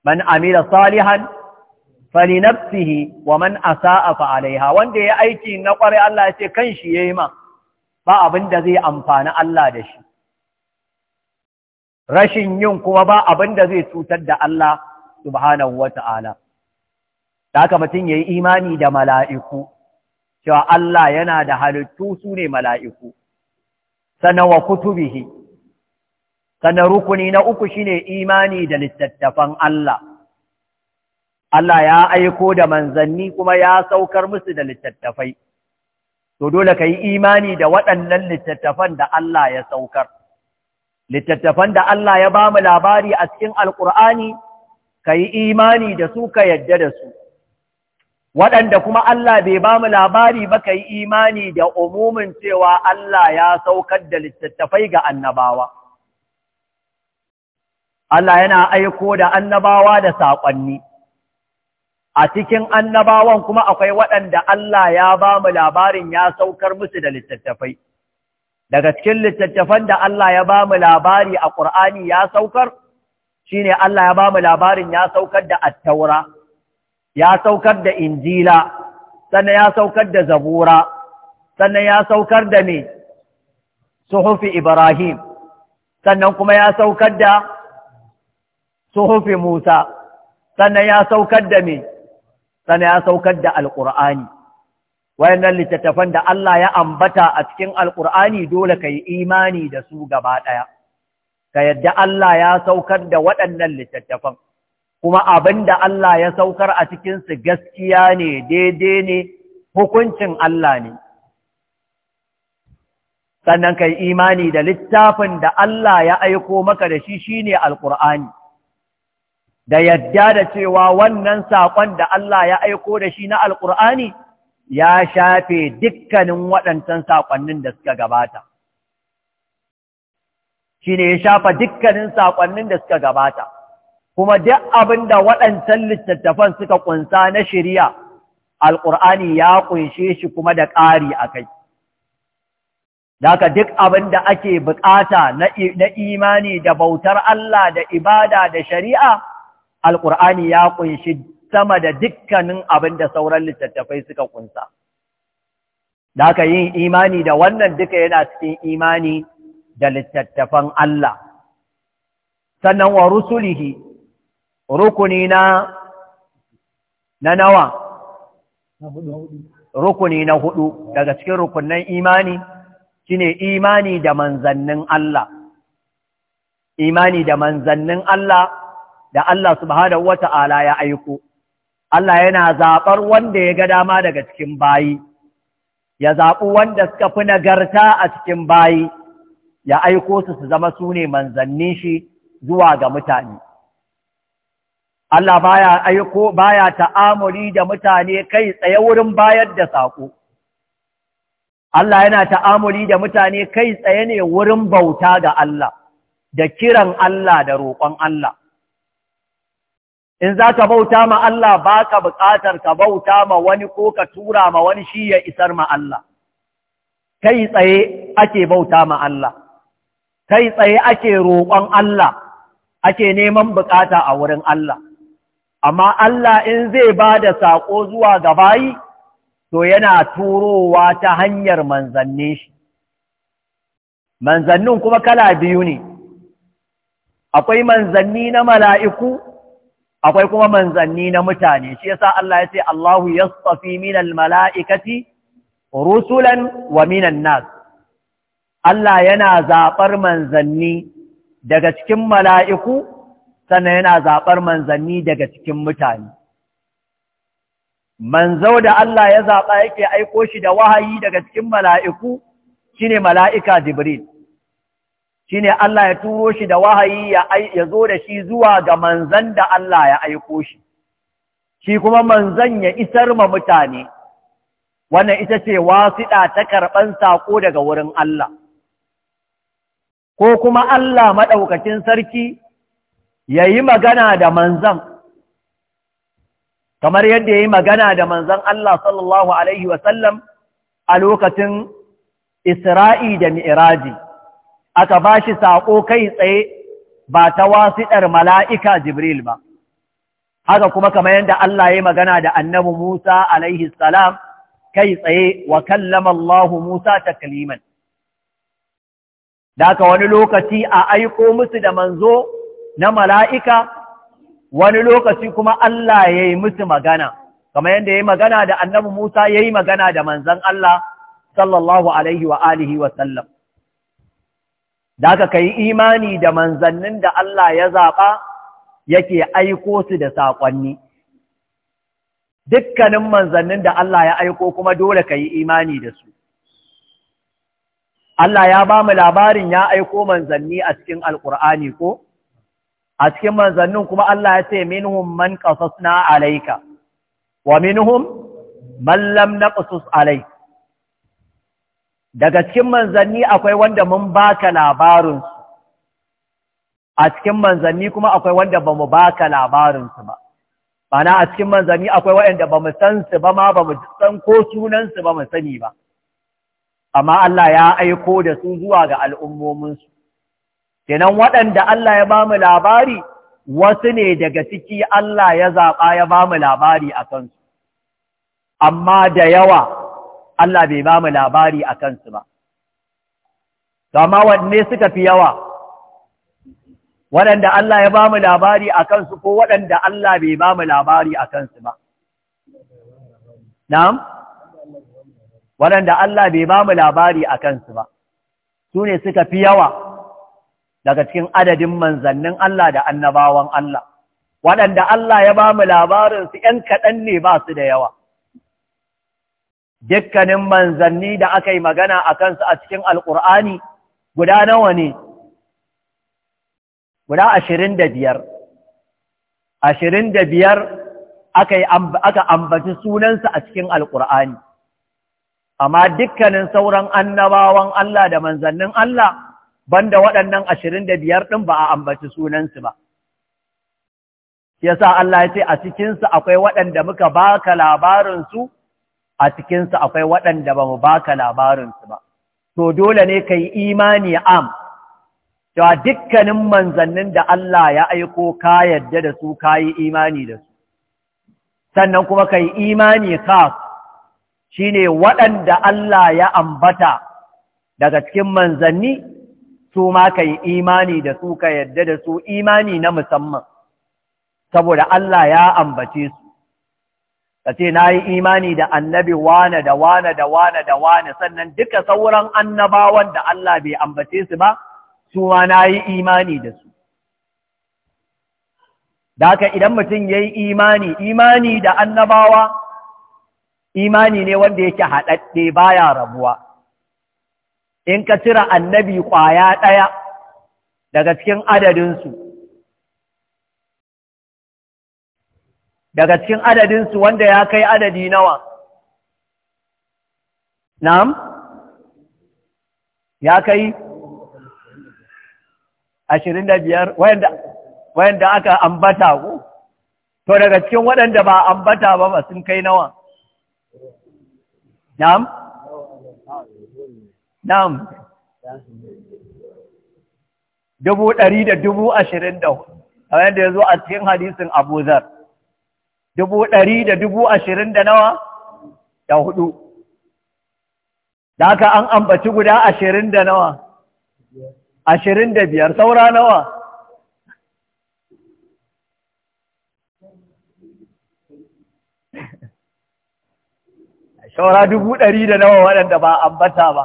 Speaker 1: Man amila salihan fali nafsihi wa man a fa ha, Wanda ya aiki na ƙwarai Allah ya ce kan shi ya yi ma, ba abin da zai amfani Allah da shi. rashin yin kuma ba abin da zai cutar da Allah subhanahu wa ta'ala. Da haka mutum ya yi imani da mala'iku, cewa Allah yana da halittu su ne mala'iku, sannan wa kutubihi, sannan rukuni na uku shine imani da littattafan Allah. Allah ya aiko da manzanni kuma ya saukar musu da littattafai, to dole ka yi imani da waɗannan littattafan da Allah ya saukar. littattafan da Allah ya ba mu labari a cikin alkur'ani ka yi imani da su ka yadda da su waɗanda kuma Allah bai ba mu labari ba ka yi imani da umumin cewa Allah ya saukar da littattafai ga annabawa Allah yana aiko da annabawa da saƙonni a cikin annabawan kuma akwai waɗanda Allah ya ba mu labarin ya saukar musu da littattafai daga cikin littattafan da Allah ya ba mu labari a Ƙur'ani ya saukar Shi ne Allah ya ba mu labarin ya saukar da attaura ya saukar da injila sannan ya saukar da zabura sannan ya saukar da me suhufi ibrahim sannan kuma ya saukar da suhufi musa sannan ya saukar da me sannan ya saukar da alqur'ani wayannan littattafan da Allah ya ambata a cikin alkur'ani dole ka yi imani da su gaba ɗaya ka yadda Allah ya saukar da waɗannan littattafan kuma abin da Allah ya saukar a cikinsu gaskiya ne daidai ne hukuncin Allah ne sannan ka yi imani da littafin da Allah ya aiko maka da shi shi ne alkur'ani da yadda da cewa wannan saƙon da Allah ya aiko da shi na alkur'ani ya shafe dukkanin waɗancan saƙonnin da suka gabata. Shi ne ya shafa dukkanin saƙonnin da suka gabata, kuma duk abin da waɗancan littattafan suka ƙunsa na shirya, Alƙur'ani ya ƙunshe shi kuma da ƙari a kai. Daka duk abin da ake buƙata na imani da bautar Allah da ibada da shari'a, Alƙur'ani ya ƙunshi sama da dukkanin abin da sauran littattafai suka kunsa. Da aka yin imani da wannan duka yana cikin imani da littattafan Allah. Sannan wa rusulihi rukuni na nawa? Rukuni na hudu daga cikin rukunan imani shine imani da manzannin Allah. Imani da manzannin Allah da Allah subhanahu Ta'ala ya aiko. Allah yana zaɓar wanda ya ga dama daga cikin bayi, ya zaɓi wanda suka fi nagarta a cikin bayi, ya aiko su su zama su ne manzannin shi zuwa ga mutane. Allah baya ya ta'amuri da mutane kai tsaye wurin bayar da saƙo. Allah yana ta'amuri da mutane kai tsaye ne wurin bauta ga Allah, da kiran Allah da roƙon Allah. in za ka bauta ma Allah ba ka buƙatar ka bauta ma wani ko ka tura ma wani shi ya isar ma Allah kai tsaye ake bauta ma Allah kai tsaye ake roƙon Allah ake neman buƙata a wurin Allah amma Allah in zai ba da saƙo zuwa ga bayi to yana turowa ta hanyar manzanni shi manzannin kuma kala biyu ne akwai manzanni na mala'iku akwai kuma manzanni na mutane shi yasa Allah ya ce Allahu yastafi minal mala'ikati rusulan wa minan nas Allah yana zaɓar manzanni daga cikin mala'iku sannan yana zaɓar manzanni daga cikin mutane manzo da Allah ya zaɓa yake aiko shi da wahayi daga cikin mala'iku shine mala'ika Jibril Shi ne Allah ya turo shi da wahayi ya zo da shi zuwa ga manzan da Allah ya aiko shi shi kuma manzan ya isar ma mutane wannan ita ce wasiɗa ta karɓan saƙo daga wurin Allah ko kuma Allah maɗaukacin sarki ya yi magana da manzan kamar yadda ya yi magana da manzan Allah sallallahu Alaihi wasallam a lokacin Isra'i da Mi'iraji. aka ba shi saƙo kai tsaye ba ta wasiɗar mala'ika Jibril ba. Haka kuma kamar yadda Allah ya magana da annabi Musa alaihi salam kai tsaye wa kallama Allah Musa ta Da aka wani lokaci a aiko musu da manzo na mala'ika, wani lokaci kuma Allah ya yi musu magana, kamar yadda ya yi magana da annabi Musa ya yi magana da manzan Allah sallallahu alaihi wa alihi wa sallam. da aka kai imani da manzannin da Allah ya zaɓa yake aiko su da saƙonni. Dukkanin manzannin da Allah ya aiko kuma dole ka yi imani da su. Allah ya ba mu labarin ya aiko manzanni a cikin Alƙur'ani ko? A cikin manzannin kuma Allah ya ce, Minhum man ƙasas na alaika, wa minhum man lam na ƙasas alaika. daga cikin manzanni akwai wanda mun baka labarinsu a cikin manzanni kuma akwai wanda ba mu baka labarinsu ba Bana a cikin manzanni akwai waɗanda ba mu san su ba ma ba mu san ko sunansu ba mu sani ba amma Allah ya aiko da su zuwa ga al'ummominsu kenan waɗanda Allah ya ba mu labari wasu ne daga ciki Allah ya zaɓa ya ba mu labari a kansu amma da yawa Allah bai ba mu labari a kansu ba. Gama wanne suka fi yawa, waɗanda Allah ya ba mu labari a kansu ko waɗanda Allah bai ba mu labari a kansu ba. Na'am? Waɗanda Allah bai ba mu labari a kansu ba, su ne suka fi yawa. daga cikin adadin manzannin Allah da annabawan Allah, waɗanda Allah ya ba mu labarinsu ‘yan kaɗan ne ba su da yawa, dukkanin manzanni da aka yi magana a kansu a cikin alƙur'ani guda nawa ne guda ashirin da biyar ashirin da biyar aka ambaci sunansu a cikin alƙur'ani amma dukkanin sauran annabawan Allah da manzannin Allah banda waɗannan ashirin da biyar ɗin ba a ambaci sunansu ba yasa Allah ya ce a cikinsu akwai waɗanda muka baka labarinsu a cikinsu akwai waɗanda ba mu baka labarinsu ba to dole ne ka yi imani am cewa dukkanin manzannin da Allah ya aiko ka yadda da su ka yi imani da su sannan kuma ka yi imani khas shine waɗanda Allah ya ambata daga cikin manzanni su ma ka yi imani da su ka yadda da su imani na musamman saboda Allah ya ambace su ka ce na yi imani da annabi wane da wane da wane da wane sannan duka sauran annabawan da Allah bai ambace su ba su ma na yi imani da su da haka idan mutum ya yi imani imani da annabawa imani ne wanda yake haɗaɗɗe baya rabuwa in ka cira annabi ƙwaya ɗaya daga cikin adadinsu daga cikin adadinsu wanda ya kai adadi nawa na'am ya kai ashirin da biyar wayanda aka ambata ku to daga cikin waɗanda ba ambata ba ba sun kai nawa na'am na'am dubu ɗari da dubu ashirin da hu? a yadda ya zo a cikin hadisin abu zar dubu ɗari da dubu ashirin da nawa da hudu da aka an ambaci guda ashirin da nawa ashirin da biyar saura nawa saura dubu ɗari da nawa waɗanda ba ambata ba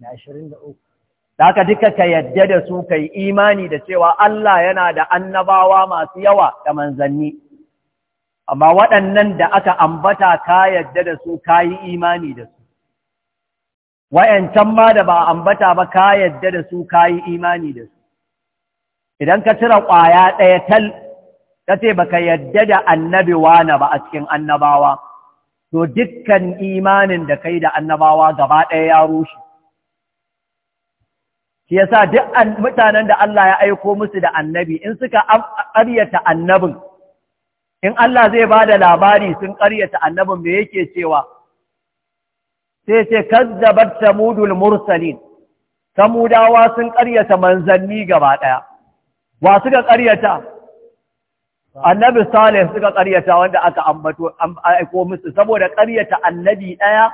Speaker 1: na ashirin da uku da aka duka ka yadda da su ka yi imani da cewa Allah yana da annabawa masu yawa da manzanni amma waɗannan da aka ambata ka yadda da su ka yi imani da su wa'yancan ma da ba ambata ba ka yadda da su ka yi imani da su idan ka cire ƙwaya ɗaya tal ka ce ba ka yadda da annabi wane ba a cikin annabawa to dukkan imanin da kai da annabawa gaba ɗaya ya rushe shi yasa duk mutanen da Allah ya aiko musu da annabi in suka ƙaryata annabin in Allah zai ba da labari sun ƙaryata annabin me yake cewa sai sai kazzabat samudul mursalin samudawa sun ƙaryata manzanni gaba ɗaya wa suka ƙaryata annabi salih suka ƙaryata wanda aka ambato aiko musu saboda ƙaryata annabi ɗaya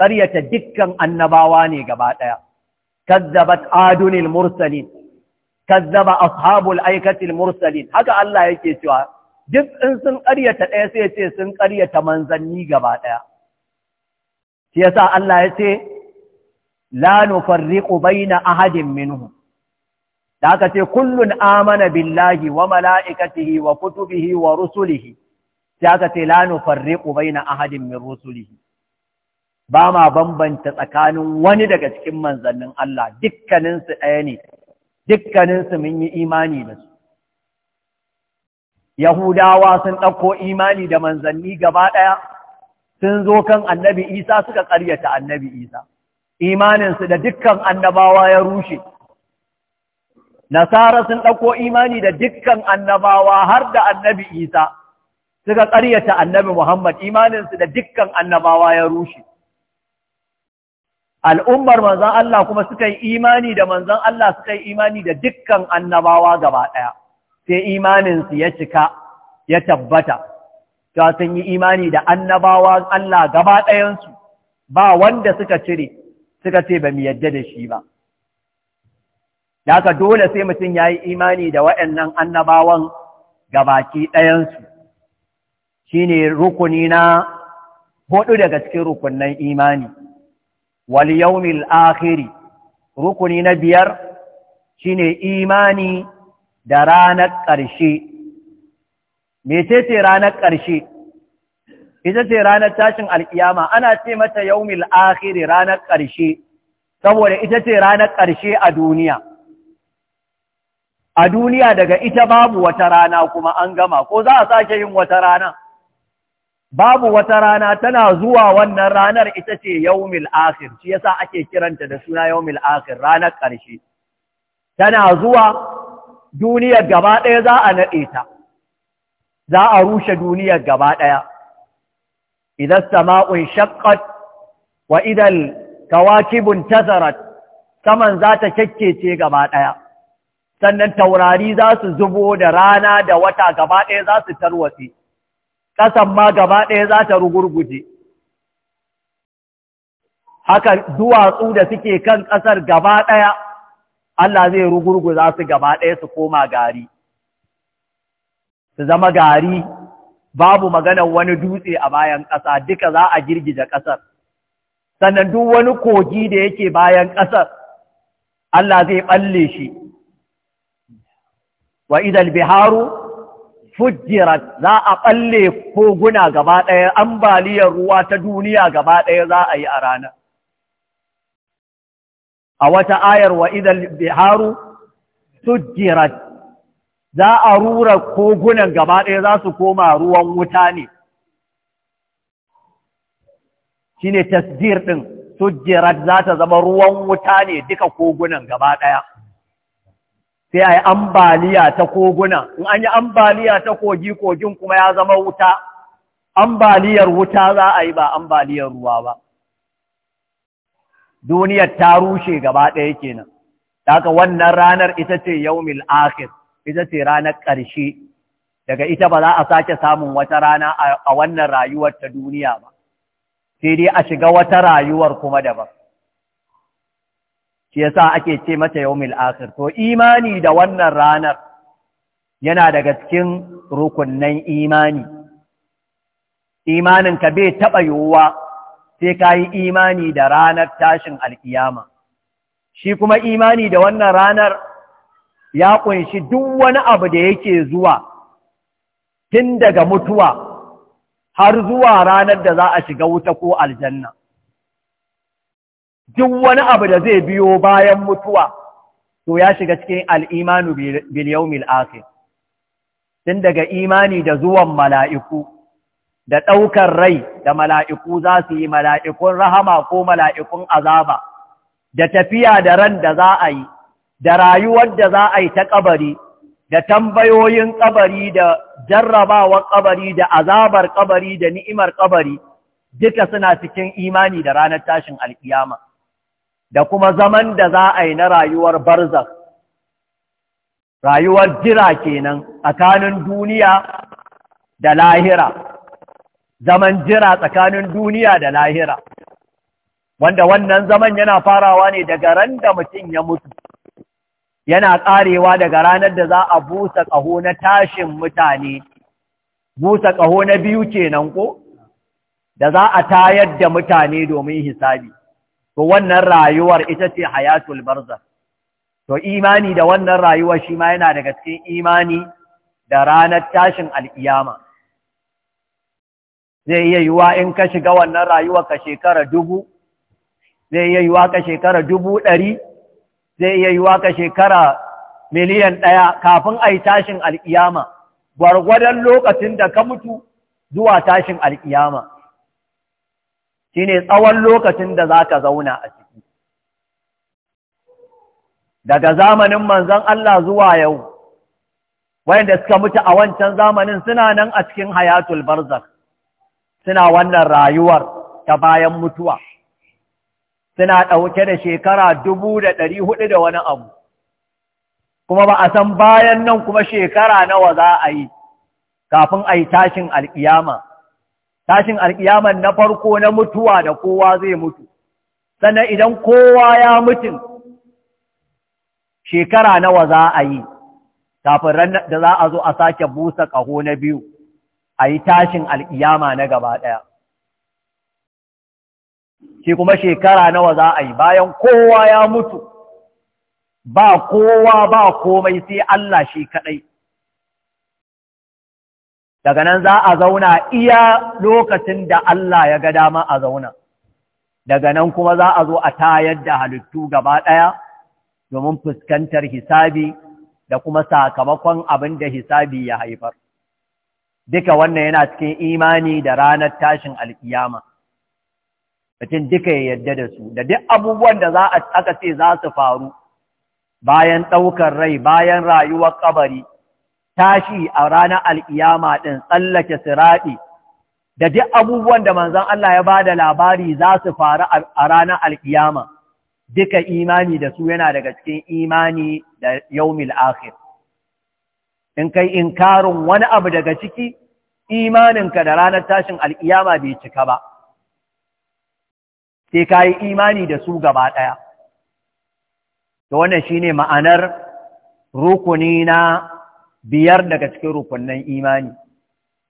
Speaker 1: ƙaryata dukkan annabawa ne gaba ɗaya kazzabat adunil mursalin kazzaba ashabul aikatil mursalin haka Allah yake cewa duk in sun ƙaryata ɗaya sai ce sun ƙaryata manzanni gaba ɗaya shi yasa Allah ya ce la nufarriqu baina ahadin minhum da aka ce kullun amana billahi wa mala'ikatihi wa kutubihi wa rusulihi sai aka ce la nufarriqu baina ahadin min rusulihi ba ma bambanta tsakanin wani daga cikin manzannin Allah dukkaninsu ɗaya ne dukkaninsu mun yi imani da su Yahudawa sun ɗauko imani da manzanni gaba ɗaya sun zo kan annabi Isa suka ƙaryata annabi Isa imaninsu da dukkan annabawa ya rushe Nasara sun ɗauko imani da dukkan annabawa har da annabi Isa suka ƙaryata annabi Muhammad imaninsu da dukkan annabawa ya rushe al'ummar manzan Allah kuma suka yi imani da manzan Allah suka yi imani da dukkan annabawa gaba ɗaya, sai imaninsu ya cika ya tabbata, ta sun yi imani da annabawa Allah gaba ɗayansu ba wanda suka cire suka ce ba mu yadda da shi ba. Da haka dole sai mutum ya yi imani da waɗannan annabawan gabaki ɗayansu, shi ne rukuni na huɗu daga cikin rukunan imani. wal yawmil akhir rukuni na biyar shine imani da ranar ƙarshe mecece ranar ƙarshe ita ce ranar tashin alƙiyama ana ce mata yawmil akhir ranar ƙarshe saboda ita ce ranar ƙarshe a duniya a duniya daga ita babu wata rana kuma an gama ko za a sake yin wata rana babu wata rana tana zuwa wannan ranar ita ce yaumil akhir shi yasa ake kiranta da suna yaumil akhir ranar ƙarshe tana zuwa duniyar gaba ɗaya za a naɗe ta za a rushe duniyar gaba ɗaya idan sama'un shaqqat wa idan kawakibun tazarat saman za ta kyakkece gaba ɗaya sannan taurari za su zubo da rana da wata gaba ɗaya za su tarwatse ƙasan ma gaba ɗaya za ta rugurguje haka duwatsu da suke kan ƙasar gaba ɗaya Allah zai rugurguza su gaba ɗaya su koma gari su zama gari babu maganar wani dutse a bayan ƙasa duka za a girgije ƙasar sannan duk wani kogi da yake bayan ƙasar Allah zai ɓalle shi wa idal biharu fujjirat za a ɓalle koguna gaba ɗaya ambaliyar ruwa ta duniya gaba ɗaya za a yi a rana a wata ayar wa idan biharu fujirat za a rura kogunan gaba ɗaya za su koma ruwan wuta ne shi ne tasdir ɗin fujirat za ta zama ruwan wuta ne duka kogunan gaba ɗaya sai a yi ambaliya ta koguna in an yi ambaliya ta kogi kogin kuma ya zama wuta ambaliyar wuta za a yi ba ambaliyar ruwa ba duniyar ta rushe gaba ɗaya kenan daga wannan ranar ita ce yaumil ahir, ita ce ranar ƙarshe daga ita ba za a sake samun wata rana a wannan rayuwar ta duniya ba sai dai a shiga wata rayuwar kuma daban shi yasa ake ce mata yawmil akhir to imani da wannan ranar yana daga cikin rukunnan imani imanin ka bai taba yiwuwa sai ka yi imani da ranar tashin alkiyama shi kuma imani da wannan ranar ya ƙunshi duk wani abu da yake zuwa tun daga mutuwa har zuwa ranar da za a shiga wuta ko aljanna duk wani abu da zai biyo bayan mutuwa to ya shiga cikin al'imanu bil yawmil akhir tun daga imani da zuwan mala'iku da ɗaukar rai da mala'iku za su yi mala'ikun rahama ko mala'ikun azaba da tafiya da ran da za a yi da rayuwar da za a yi ta ƙabari da tambayoyin ƙabari da jarrabawar ƙabari da azabar ƙabari da ni'imar ƙabari duka suna cikin imani da ranar tashin alkiyama. da kuma zaman da za a yi na rayuwar barzak rayuwar jira kenan tsakanin duniya da lahira zaman jira tsakanin duniya da lahira wanda wannan zaman yana farawa ne daga ran da mutum ya mutu yana ƙarewa daga ranar da za a busa ƙaho na tashin mutane busa ƙaho na biyu kenan ko da za a tayar da mutane domin hisabi to wannan rayuwar ita ce hayatul barza to imani da wannan rayuwar shi ma yana daga cikin imani da ranar tashin al'iyama zai iya yiwa in ka shiga wannan rayuwar ka shekara dubu zai iya yiwa ka shekara dubu ɗari zai iya yiwa ka shekara miliyan ɗaya kafin a yi tashin al'iyama gwargwadon lokacin da ka mutu zuwa tashin al'iyama Shi ne tsawon lokacin da za ka zauna a ciki daga zamanin manzon Allah zuwa yau wayanda suka mutu a wancan zamanin suna nan a cikin hayatul barzak suna wannan rayuwar ta bayan mutuwa suna ɗauke da shekara dubu da ɗari hudu da wani abu kuma ba a san bayan nan kuma shekara nawa za a yi kafin a yi tashin alƙiyama tashin alƙiyaman na farko na mutuwa da kowa zai mutu sannan idan kowa ya mutu shekara nawa za a yi kafin ran da za a zo a sake busa ƙaho na biyu a yi tashin alƙiyama na gaba ɗaya shi kuma shekara nawa za a yi bayan kowa ya mutu ba kowa ba komai sai Allah shi kaɗai daga nan za a zauna iya lokacin da Allah ya ga dama a zauna daga nan kuma za a zo a tayar da halittu gaba ɗaya domin fuskantar hisabi da kuma sakamakon abin da hisabi ya haifar duka wannan yana cikin imani da ranar tashin alkiyama mutum duka ya yarda da su da duk abubuwan da za a ce za su faru bayan ɗaukar rai bayan rayuwar kabari tashi a ranar al'iyama ɗin tsallake siraɗi da duk abubuwan da manzan Allah ya ba da labari za su faru a ranar al'iyama duka imani da su yana daga cikin imani da yaumil akhir in kai inkarin wani abu daga ciki imaninka da ranar tashin al'iyama bai cika ba sai ka yi imani da su gaba ɗaya da wannan shi ne ma'anar rukuni na biyar daga cikin rukunnan imani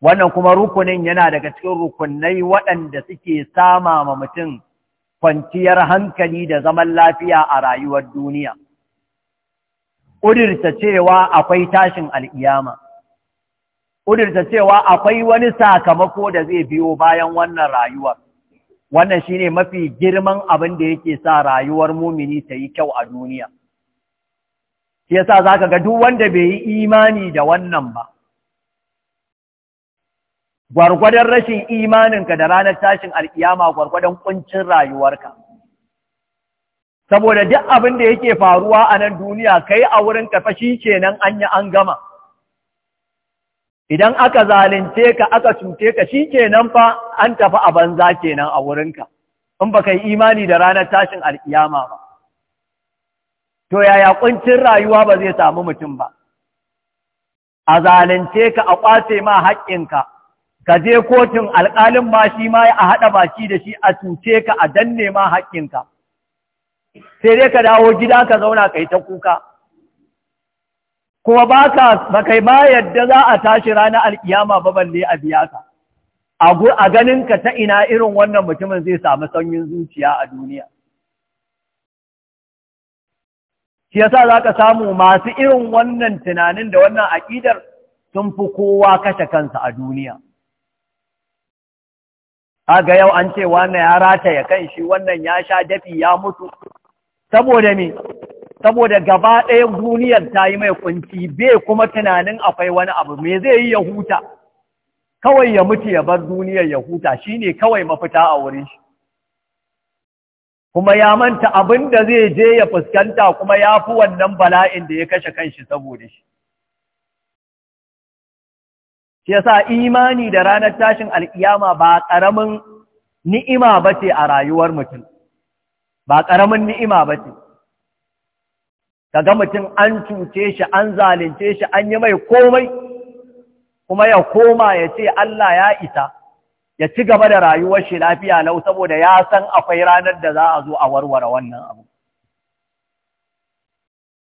Speaker 1: wannan kuma rukunin yana daga cikin rukunai waɗanda suke sama ma mutum kwanciyar hankali da zaman lafiya a rayuwar duniya ƙudirta cewa akwai tashin al'iyama ƙudirta cewa akwai wani sakamako da zai biyo bayan wannan rayuwar wannan shine mafi girman abin da yake sa rayuwar mumini ta yi kyau a duniya shi yasa zaka ga duk wanda bai yi imani da wannan ba gwargwadon rashin imaninka da ranar tashin alkiyama gwargwadon kuncin rayuwarka saboda duk abin da yake faruwa a nan duniya kai a wurin kafa shi kenan an yi an gama idan aka zalunce ka aka cuce ka shi kenan fa an tafi a banza kenan a wurinka in ba yi imani da ranar tashin alkiyama ba to yaya kuncin rayuwa ba zai samu mutum ba a zalunce ka a kwace ma haƙƙinka ka je kotun alƙalin ma shi ma a haɗa baki da shi a cuce ka a danne ma haƙƙinka sai dai ka dawo gida ka zauna kai ta kuka kuma ba bakai ba yadda za a tashi ranar alkiyama ba balle a biya ka a ganinka ta ina irin wannan mutumin zai samu sanyin zuciya a duniya shi yasa za ka samu masu irin wannan tunanin da wannan aƙidar sun fi kowa kashe kansa a duniya ga yau an ce wannan ya rataya kan shi wannan ya sha dafi ya mutu saboda me saboda gaba ɗaya duniyar ta yi mai kunci bai kuma tunanin akwai wani abu me zai yi ya huta kawai ya mutu ya bar duniyar ya huta shine kawai mafita a wurin shi kuma ya manta abin da zai je ya fuskanta kuma ya fi wannan bala'in da ya kashe kanshi saboda shi shi yasa imani da ranar tashin alkiyama ba ƙaramin ni'ima ba ce a rayuwar mutum ba ƙaramin ni'ima bace kaga mutum an cuce shi an zalunce shi an yi mai komai kuma ya koma ya ce Allah ya isa ya ci gaba da rayuwar shi lafiya lau saboda ya san akwai ranar da za a zo a warware wannan abu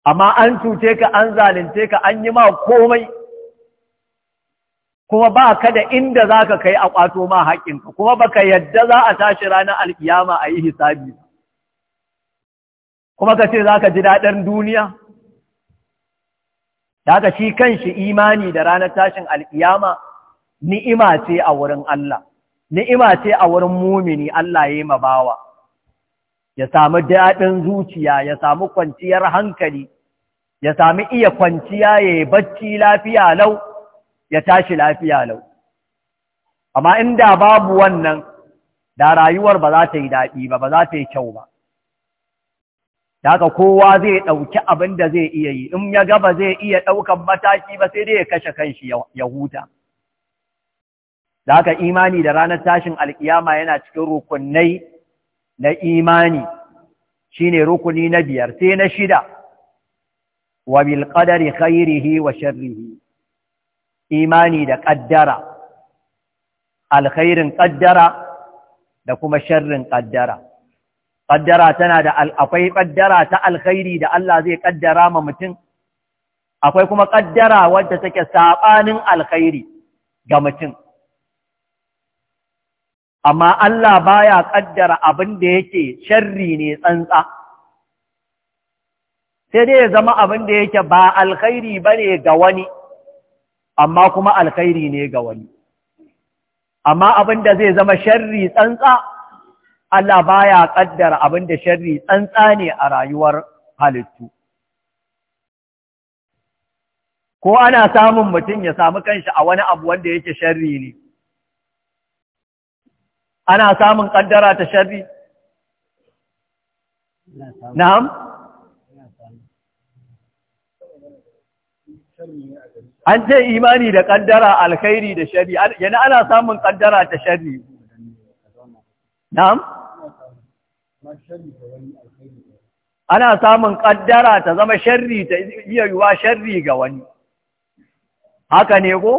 Speaker 1: amma an cuce ka an zalunce ka an yi ma komai kuma ba ka da inda za ka kai a ƙwato ma haƙinka kuma ba ka yadda za a tashi ranar alkiyama a yi hisabi kuma ka ce za ka ji daɗin duniya da ka shi kanshi imani da ranar tashin alkiyama ni'ima ce a wurin Allah ni'ima ce a wurin mumini Allah ya yi mabawa ya sami daɗin zuciya ya sami kwanciyar hankali ya sami iya kwanciya ya yi bacci lafiya lau ya tashi lafiya lau amma inda babu wannan da rayuwar ba za ta yi daɗi ba ba za ta yi kyau ba daga kowa zai ɗauki abin da zai iya yi in ya gaba zai iya ɗaukan mataki ba sai dai ya kashe kanshi ya huta da haka imani da ranar tashin alkiyama yana cikin rukunai na imani shine rukuni na biyar sai na shida wa bil qadari khairihi wa sharrihi imani da ƙaddara, alkhairin ƙaddara da kuma sharrin ƙaddara. Ƙaddara tana da akwai ƙaddara ta alkhairi da Allah zai ƙaddara ma mutum, akwai kuma ƙaddara wadda take saɓanin alkhairi ga mutum. amma Allah baya ƙaddara abin da yake sharri ne tsantsa sai dai ya zama abin da yake ba alkhairi bane ga wani amma kuma alkhairi ne ga wani amma abin da zai zama sharri tsantsa Allah baya ƙaddara abin da sharri tsantsa ne a rayuwar halittu. Ko ana samun mutum ya samu kanshi a wani abu wanda yake sharri ne, ana samun kaddara ta shari, na'am an ce imani da kaddara alkhairi da shari yana ana samun kaddara ta shari na'am ana samun kaddara ta zama shari ta iya yiwa shari ga wani haka ne ko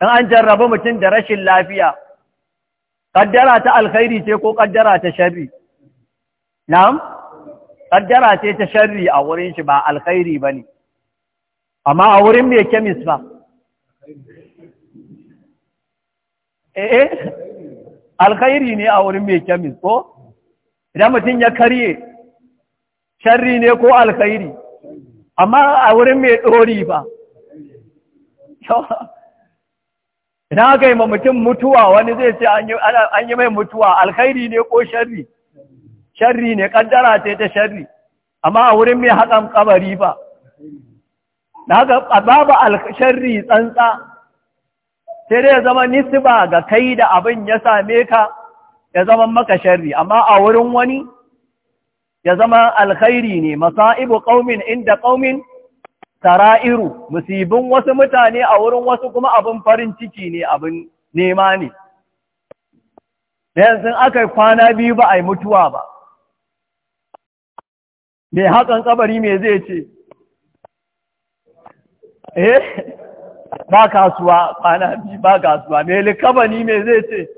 Speaker 1: in an jarraba mutum da rashin lafiya Kaddara ta alkhairi ce ko kaddara ta sharri? Na'am? Kaddara ce ta sharri a wurin shi ba alkhairi ba ne, amma a wurin mai kemis ba. Eh, eh, alkhairi ne a wurin mai kemis ko? Idan mutum ya karye, sharri ne ko alkhairi, amma a wurin mai ɗori ba. Na gaima mutum mutuwa wani zai ce an yi mai mutuwa alkhairi ne ko sharri sharri ne kaddara ce ta sharri amma a wurin mai haƙan kabari ba ga, a babu sharri tsantsa sai dai ya zama nisba ga kai da abin ya same ka ya zama maka sharri amma a wurin wani ya zama alkhairi ne masa'ibu ƙaumin, inda ƙaumin. sara'iru musibin wasu mutane a wurin wasu kuma abin farin ciki ne abin nema ne yanzu aka kwana biyu ba a yi mutuwa ba mai haƙan kabari mai zai ce eh ba kasuwa kwana biyu ba kasuwa mai likabani mai zai ce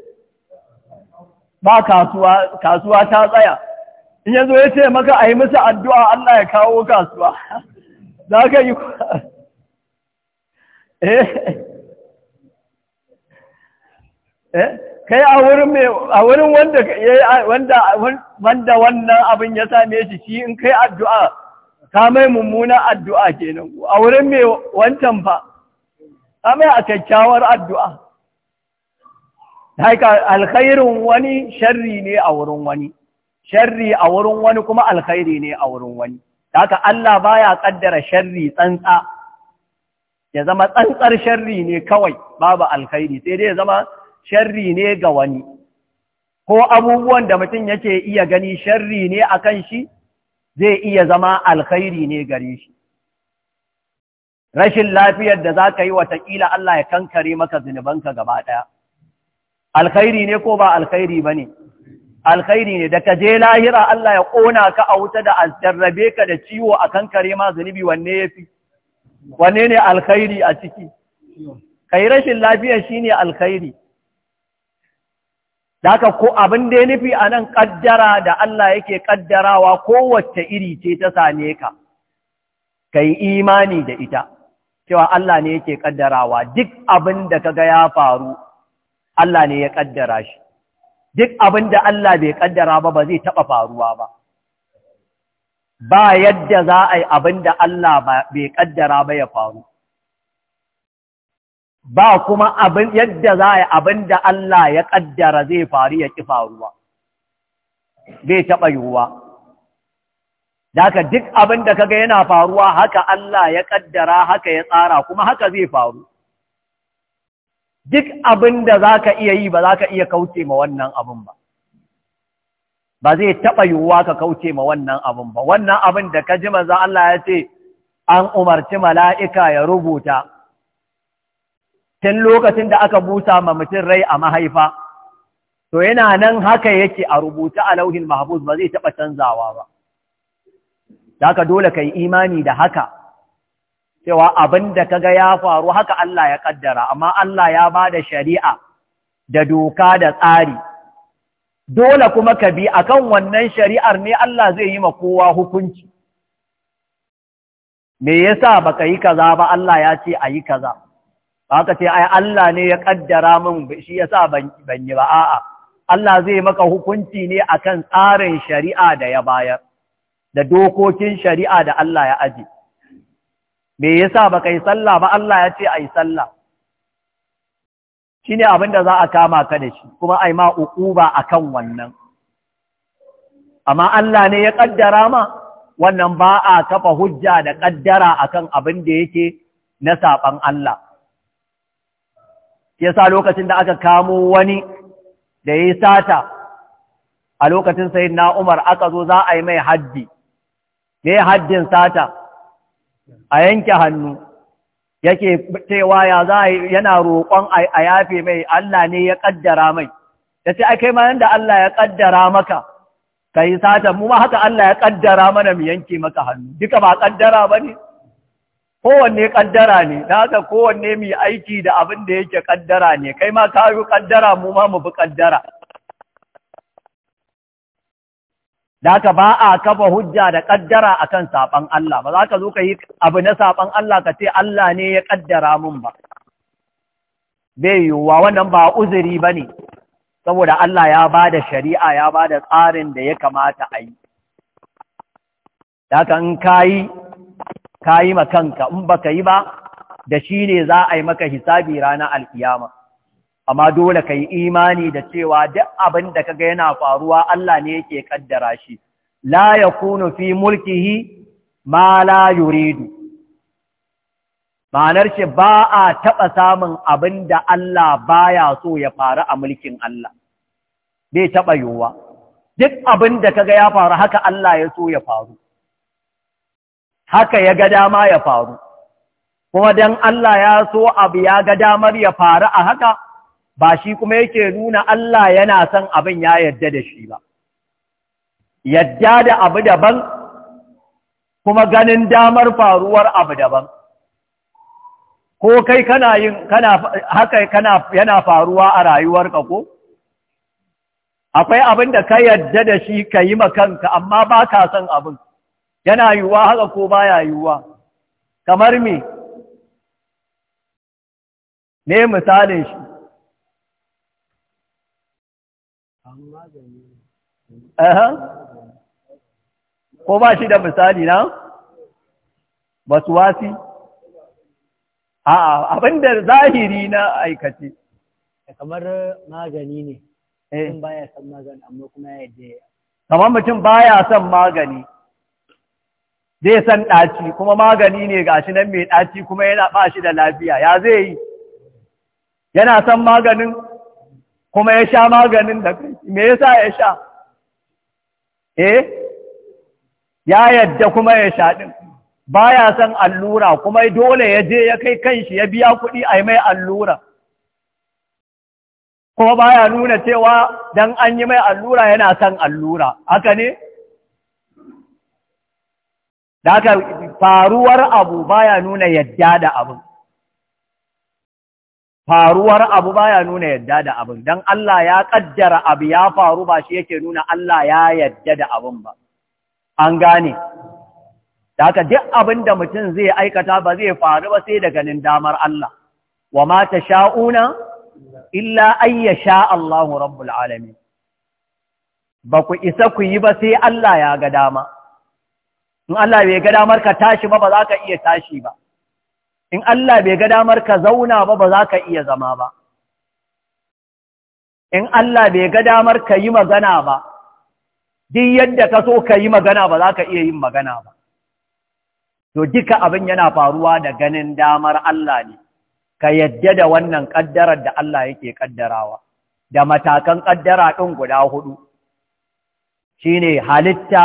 Speaker 1: ba kasuwa kasuwa ta tsaya in yanzu ya ce maka a yi musu addu'a Allah ya kawo kasuwa za ka yi kai a wurin a wurin wanda wanda wanda wannan abin ya same shi shi in kai addu'a ka mai mummunan addu'a kenan a wurin mai wancan fa ka mai a kyakkyawar addu'a haika alkhairin wani sharri ne a wurin wani sharri a wurin wani kuma alkhairi ne a wurin wani haka Allah baya ƙaddara sharri tsantsa ya zama tsantsar sharri ne kawai babu alkhairi sai dai ya zama sharri ne ga wani ko abubuwan da mutum yake iya gani sharri ne kan shi zai iya zama alkhairi ne gare shi rashin lafiyar da za ka yi watakila Allah ya kankare maka zunubanka gaba ɗaya alkhairi ne ko ba alkhairi ba ne alkhairi ne da ka je lahira Allah ya ƙona ka a wuta da aljarrabe ka da ciwo a kan kare ma zunubi wanne ya fi wanne ne alkhairi a ciki kai rashin lafiya shi ne alkhairi da haka ko abin da ya nufi a nan ƙaddara da Allah yake ƙaddarawa kowace iri ce ta same ka ka yi imani da ita cewa Allah ne yake ƙaddarawa duk abin da ka ga ya faru Allah ne ya ƙaddara shi duk abin da Allah bai kaddara ba ba zai taɓa faruwa ba ba yadda za a yi abin da Allah bai kaddara ba ya faru ba kuma abin yadda za a yi abin da Allah ya kaddara zai faru ya ƙi faruwa, bai taɓa yiwuwa. Daka duk abin da kaga yana faruwa haka Allah ya kaddara haka ya tsara kuma haka zai faru. duk abin da za ka iya yi ba za ka iya kauce ma wannan abin ba ba zai taɓa yiwuwa ka kauce ma wannan abin ba wannan abin da ka ji maza Allah ya ce an umarci mala'ika ya rubuta tun lokacin da aka busa ma mutum rai a mahaifa to yana nan haka yake a rubuta a lauhin mahbus ba zai taɓa canzawa ba da dole ka yi imani da haka cewa abin da ka ga ya faru haka Allah ya ƙaddara. amma Allah ya ba da shari'a da doka da tsari dole kuma ka bi akan wannan shari'ar ne Allah zai yi ma kowa hukunci me yasa baka yi kaza ba Allah ya ce ayi kaza ba ka ce ai Allah ne ya kaddara min shi yasa ban ban yi ba a'a Allah zai maka hukunci ne akan tsarin shari'a da ya bayar da dokokin shari'a da Allah ya ajiye me yasa baka yi sallah ba Allah ya ce yi sallah shine abin da za a kama ka da shi kuma ai ma uquba akan wannan amma Allah ne ya ƙaddara ma wannan ba a kafa hujja da kaddara akan abin da yake na saɓan Allah yasa lokacin da aka kamo wani da yayi sata a lokacin sayyidina Umar aka zo za a yi mai haddi me haddin sata a yanke hannu yake cewa ya za yana roƙon a yafe mai Allah ne ya ƙaddara mai ya ce ai kai ma yanda Allah ya ƙaddara maka ka yi sata mu ma haka Allah ya ƙaddara mana mu yanke maka hannu duka ba ƙaddara ba ne kowanne ƙaddara ne da haka kowanne mai aiki da abin da yake ƙaddara ne kai ma ka yi ƙaddara mu ma mu bi ƙaddara da aka ba a kafa hujja da kaddara kan saɓan Allah ba za ka zo ka yi abu na saɓan Allah ka ce Allah ne ya ƙaddara mun ba bai yiwuwa wannan ba uzuri ba ne saboda Allah ya ba da shari'a ya ba da tsarin da ya kamata a yi da in ka yi ka yi makanka in ka yi ba da shi ne za a yi maka hisabi ranar alkiyama amma dole ka yi imani da cewa duk abin da kaga yana faruwa Allah ne yake kaddara shi la yakunu fi mulkihi ma la yuridu ma'anar shi ba a taɓa samun abin da Allah baya so ya faru a mulkin Allah bai taɓa yiwuwa duk abin da kaga ya faru haka Allah ya so ya faru haka ya ga dama ya faru kuma dan Allah ya so abu ya ga damar ya faru a haka ba shi kuma yake nuna Allah yana son abin ya yadda da shi ba yadda da abu daban kuma ganin damar faruwar abu daban ko kai kana yin haka yana faruwa a rayuwarka ko akwai abin da ka yadda da shi ka yi makanka amma ba ka son abin yana yiwuwa haka ko baya yiwuwa kamar me ne misalin shi ko ba shi da misali na basu wasi a'a abinda zahiri na aikace kamar magani ne eh. mutum baya san
Speaker 2: magani amma kuma ya je
Speaker 1: kamar mutum baya son magani zai san ɗaci kuma magani ne gashi nan mai ɗaci kuma yana ba shi da lafiya ya zai yi yana son maganin kuma ya sha maganin da me yasa ya sha eh ya yadda kuma ya shaɗin ya san allura kuma dole ya je ya kai kanshi ya biya kuɗi a mai allura kuma ya nuna cewa don an yi mai allura yana son allura haka ne da aka faruwar abu ba ya nuna yadda da abin faruwar abu baya nuna yadda da abin don Allah ya kaddara abu ya faru ba shi yake nuna Allah ya yadda da abin ba an gane haka duk abin da mutum zai aikata ba zai faru ba sai da ganin damar Allah wa ma sha'una illa ayya sha Allahu rabbul alamin ba ku isa ku yi ba sai Allah ya ga dama in Allah bai ga damar ka tashi ba ba za ka iya tashi ba in Allah bai ga damar ka zauna ba ba za ka iya zama ba in Allah bai ga damar ka yi magana ba duk yadda ka so ka yi magana ba za ka iya yin magana ba to duka abin yana faruwa da ganin damar Allah ne ka yadda da wannan ƙaddarar da Allah yake ƙaddarawa da matakan ƙaddara ɗin guda hudu ne halitta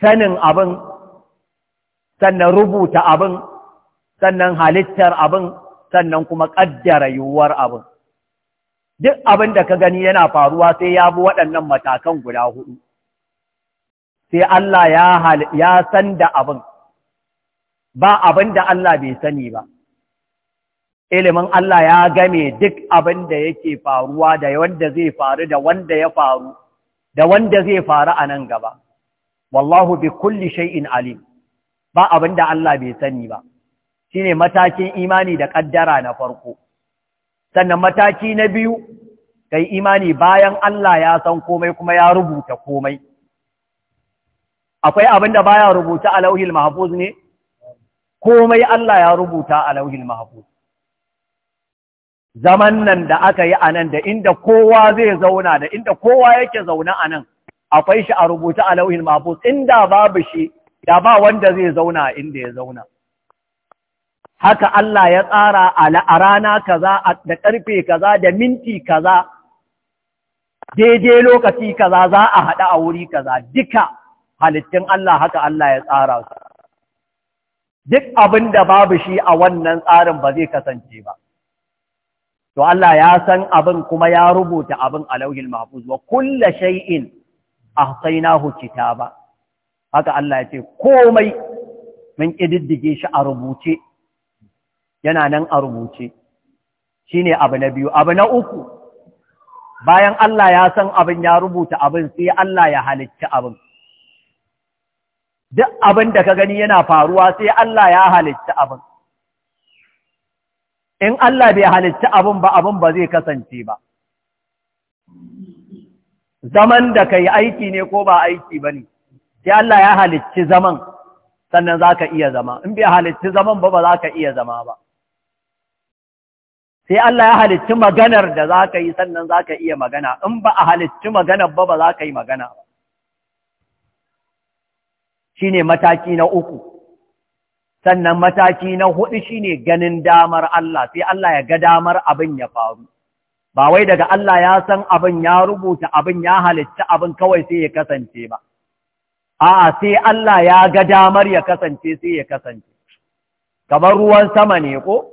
Speaker 1: sanin abin sannan rubuta abin sannan halittar abin sannan kuma ƙaddara yiwuwar abin duk abin da ka gani yana faruwa sai ya bi waɗannan matakan guda hudu sai Allah ya san da abin ba abin da Allah bai sani ba ilimin Allah ya game duk abin da yake faruwa da wanda zai faru da wanda ya faru da wanda zai faru a nan gaba wallahu bi kulli shay'in alim ba abin da Allah bai sani ba shine matakin imani da ƙaddara na farko sannan mataki na biyu kai imani bayan Allah ya san komai kuma ya rubuta komai akwai abin da baya rubuta a lauhil mahfuz ne komai Allah ya rubuta a lauhil mahfuz zaman nan da aka yi anan, da inda kowa zai zauna da inda kowa yake zauna anan, akwai shi a rubuta a lauhin mafus inda babu shi da ba wanda zai zauna inda ya zauna haka Allah ya tsara a rana kaza da karfe kaza da minti kaza daidai lokaci kaza za a haɗa a wuri kaza duka halittun Allah haka Allah ya tsara su duk abin da babu shi a wannan tsarin ba zai kasance ba to Allah ya san abin kuma ya rubuta abin a lauhin shai'in wa sai na hukita ba. haka Allah ya ce komai mun ƙididdige shi a rubuce yana nan a rubuce shine abu na biyu abu na uku bayan Allah ya san abin ya rubuta abin sai Allah ya halicci abin duk abin da ka gani yana faruwa sai Allah ya halicci abin in Allah bai halicci abin ba abin ba zai kasance ba zaman da ka aiki ne ko ba aiki ba ne sai Allah ya halicci zaman sannan za ka iya zama in biya halicci zaman ba ba za ka iya zama ba sai Allah ya halicci maganar da za ka yi sannan za ka iya magana in ba a halicci maganar ba ba za ka yi magana ba shi ne mataki na uku sannan mataki na hudu shi ne ganin damar Allah sai Allah ya ga damar abin ya faru ba wai daga Allah ya san abin ya rubuta abin ya halicci abin kawai sai ya kasance ba a'a sai Allah ya ga damar ya kasance sai ya kasance kamar ruwan sama ne ko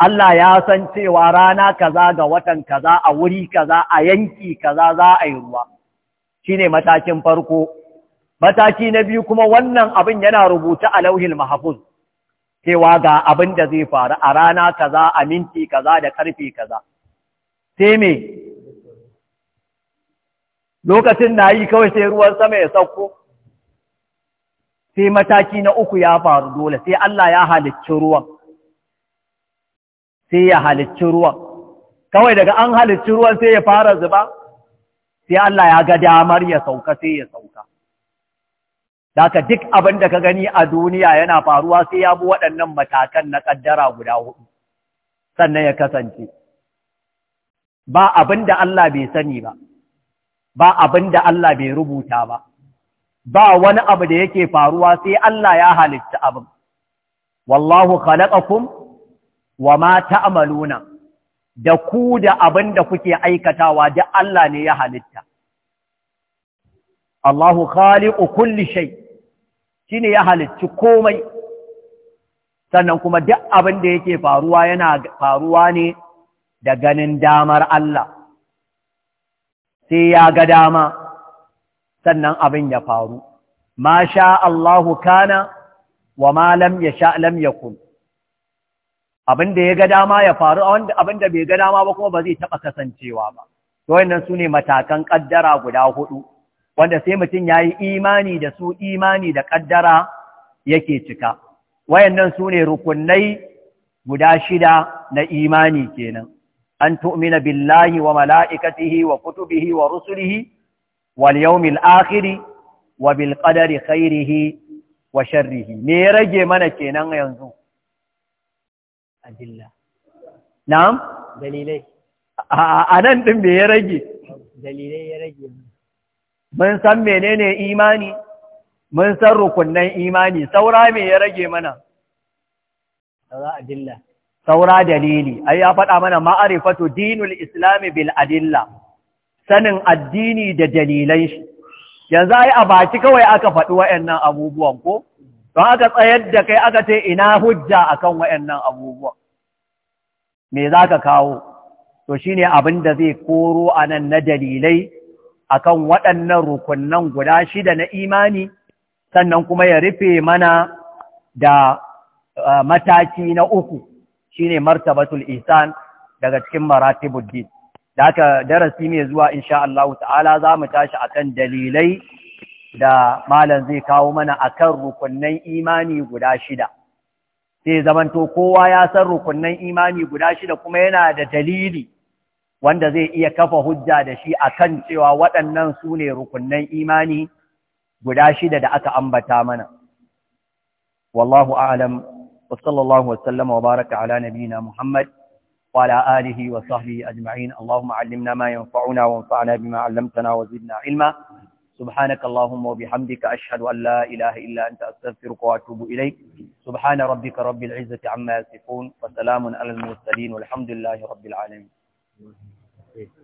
Speaker 1: Allah ya san cewa rana kaza ga watan kaza a wuri kaza a yanki kaza za a yi ruwa shine matakin farko mataki na biyu kuma wannan abin yana rubuta a lauhin mahfuz cewa ga abin da zai faru a rana kaza a minti kaza da karfe kaza sai me lokacin na yi kawai sai ruwan sama ya sauko sai mataki na uku ya faru dole sai Allah ya halicci ruwan sai ya halicci ruwan kawai daga an halicci ruwan sai ya fara zuba sai Allah ya ga damar ya sauka sai ya sauka Daka duk abin da ka gani a duniya yana faruwa sai ya bi waɗannan matakan na ƙaddara guda hudu, sannan ya kasance. Ba abin da Allah bai sani ba, ba abin da Allah bai rubuta ba ba wani abu da yake faruwa sai Allah ya halitta abin wallahu khalaqakum ma ta’amaluna, da ku da abin da kuke aikatawa da Allah ne ya halitta Allahu khaliqu kulli shi ne ya halicci komai sannan kuma duk abin da yake faruwa yana faruwa ne da ganin damar Allah sai ya ga dama sannan abin ya faru ma sha Allahu kana wa ma lam yasha lam yakun abin da ya ga dama ya faru abin da bai ga dama ba kuma ba zai taɓa kasancewa ba to su sune matakan ƙaddara guda hudu wanda sai mutum yayi imani da su imani da ƙaddara yake cika wayannan sune rukunai guda shida na imani kenan أن تؤمن بالله وملائكته وكتبه ورسله واليوم الآخر وبالقدر خيره وشره ميرجي منا كينان ينزو أدلة نعم دليلي أنا أنتم ميرجي dalilai ya rage mun san menene imani mun san rukunnan imani saura me ya rage mana saura adilla saura dalili ai ya faɗa mana ma'arifatu dinul islami bil adilla sanin addini da dalilan shi yanzu ai a baki kawai aka faɗi wayannan abubuwan ko don aka tsayar da kai aka ce ina hujja akan wayannan abubuwan me zaka kawo to shine abin da zai koro anan na dalilai akan waɗannan rukunnan guda shida na imani sannan kuma ya rufe mana da eh, mataki na uku shine martabatul ihsan daga cikin maratibud din da aka darasi mai zuwa insha Allah ta'ala za mu tashi akan dalilai da malam zai kawo mana akan rukunan imani guda shida sai zamanto kowa ya san rukunnan imani guda shida kuma yana da dalili wanda zai iya kafa hujja da shi akan cewa waɗannan su ne rukunnan imani guda shida da aka ambata mana wallahu a'lam وصلى الله وسلم وبارك على نبينا محمد وعلى آله وصحبه أجمعين اللهم علمنا ما ينفعنا وانفعنا بما علمتنا وزدنا علما سبحانك اللهم وبحمدك أشهد أن لا إله إلا أنت أستغفرك وأتوب إليك سبحان ربك رب العزة عما يصفون وسلام على المرسلين والحمد لله رب
Speaker 2: العالمين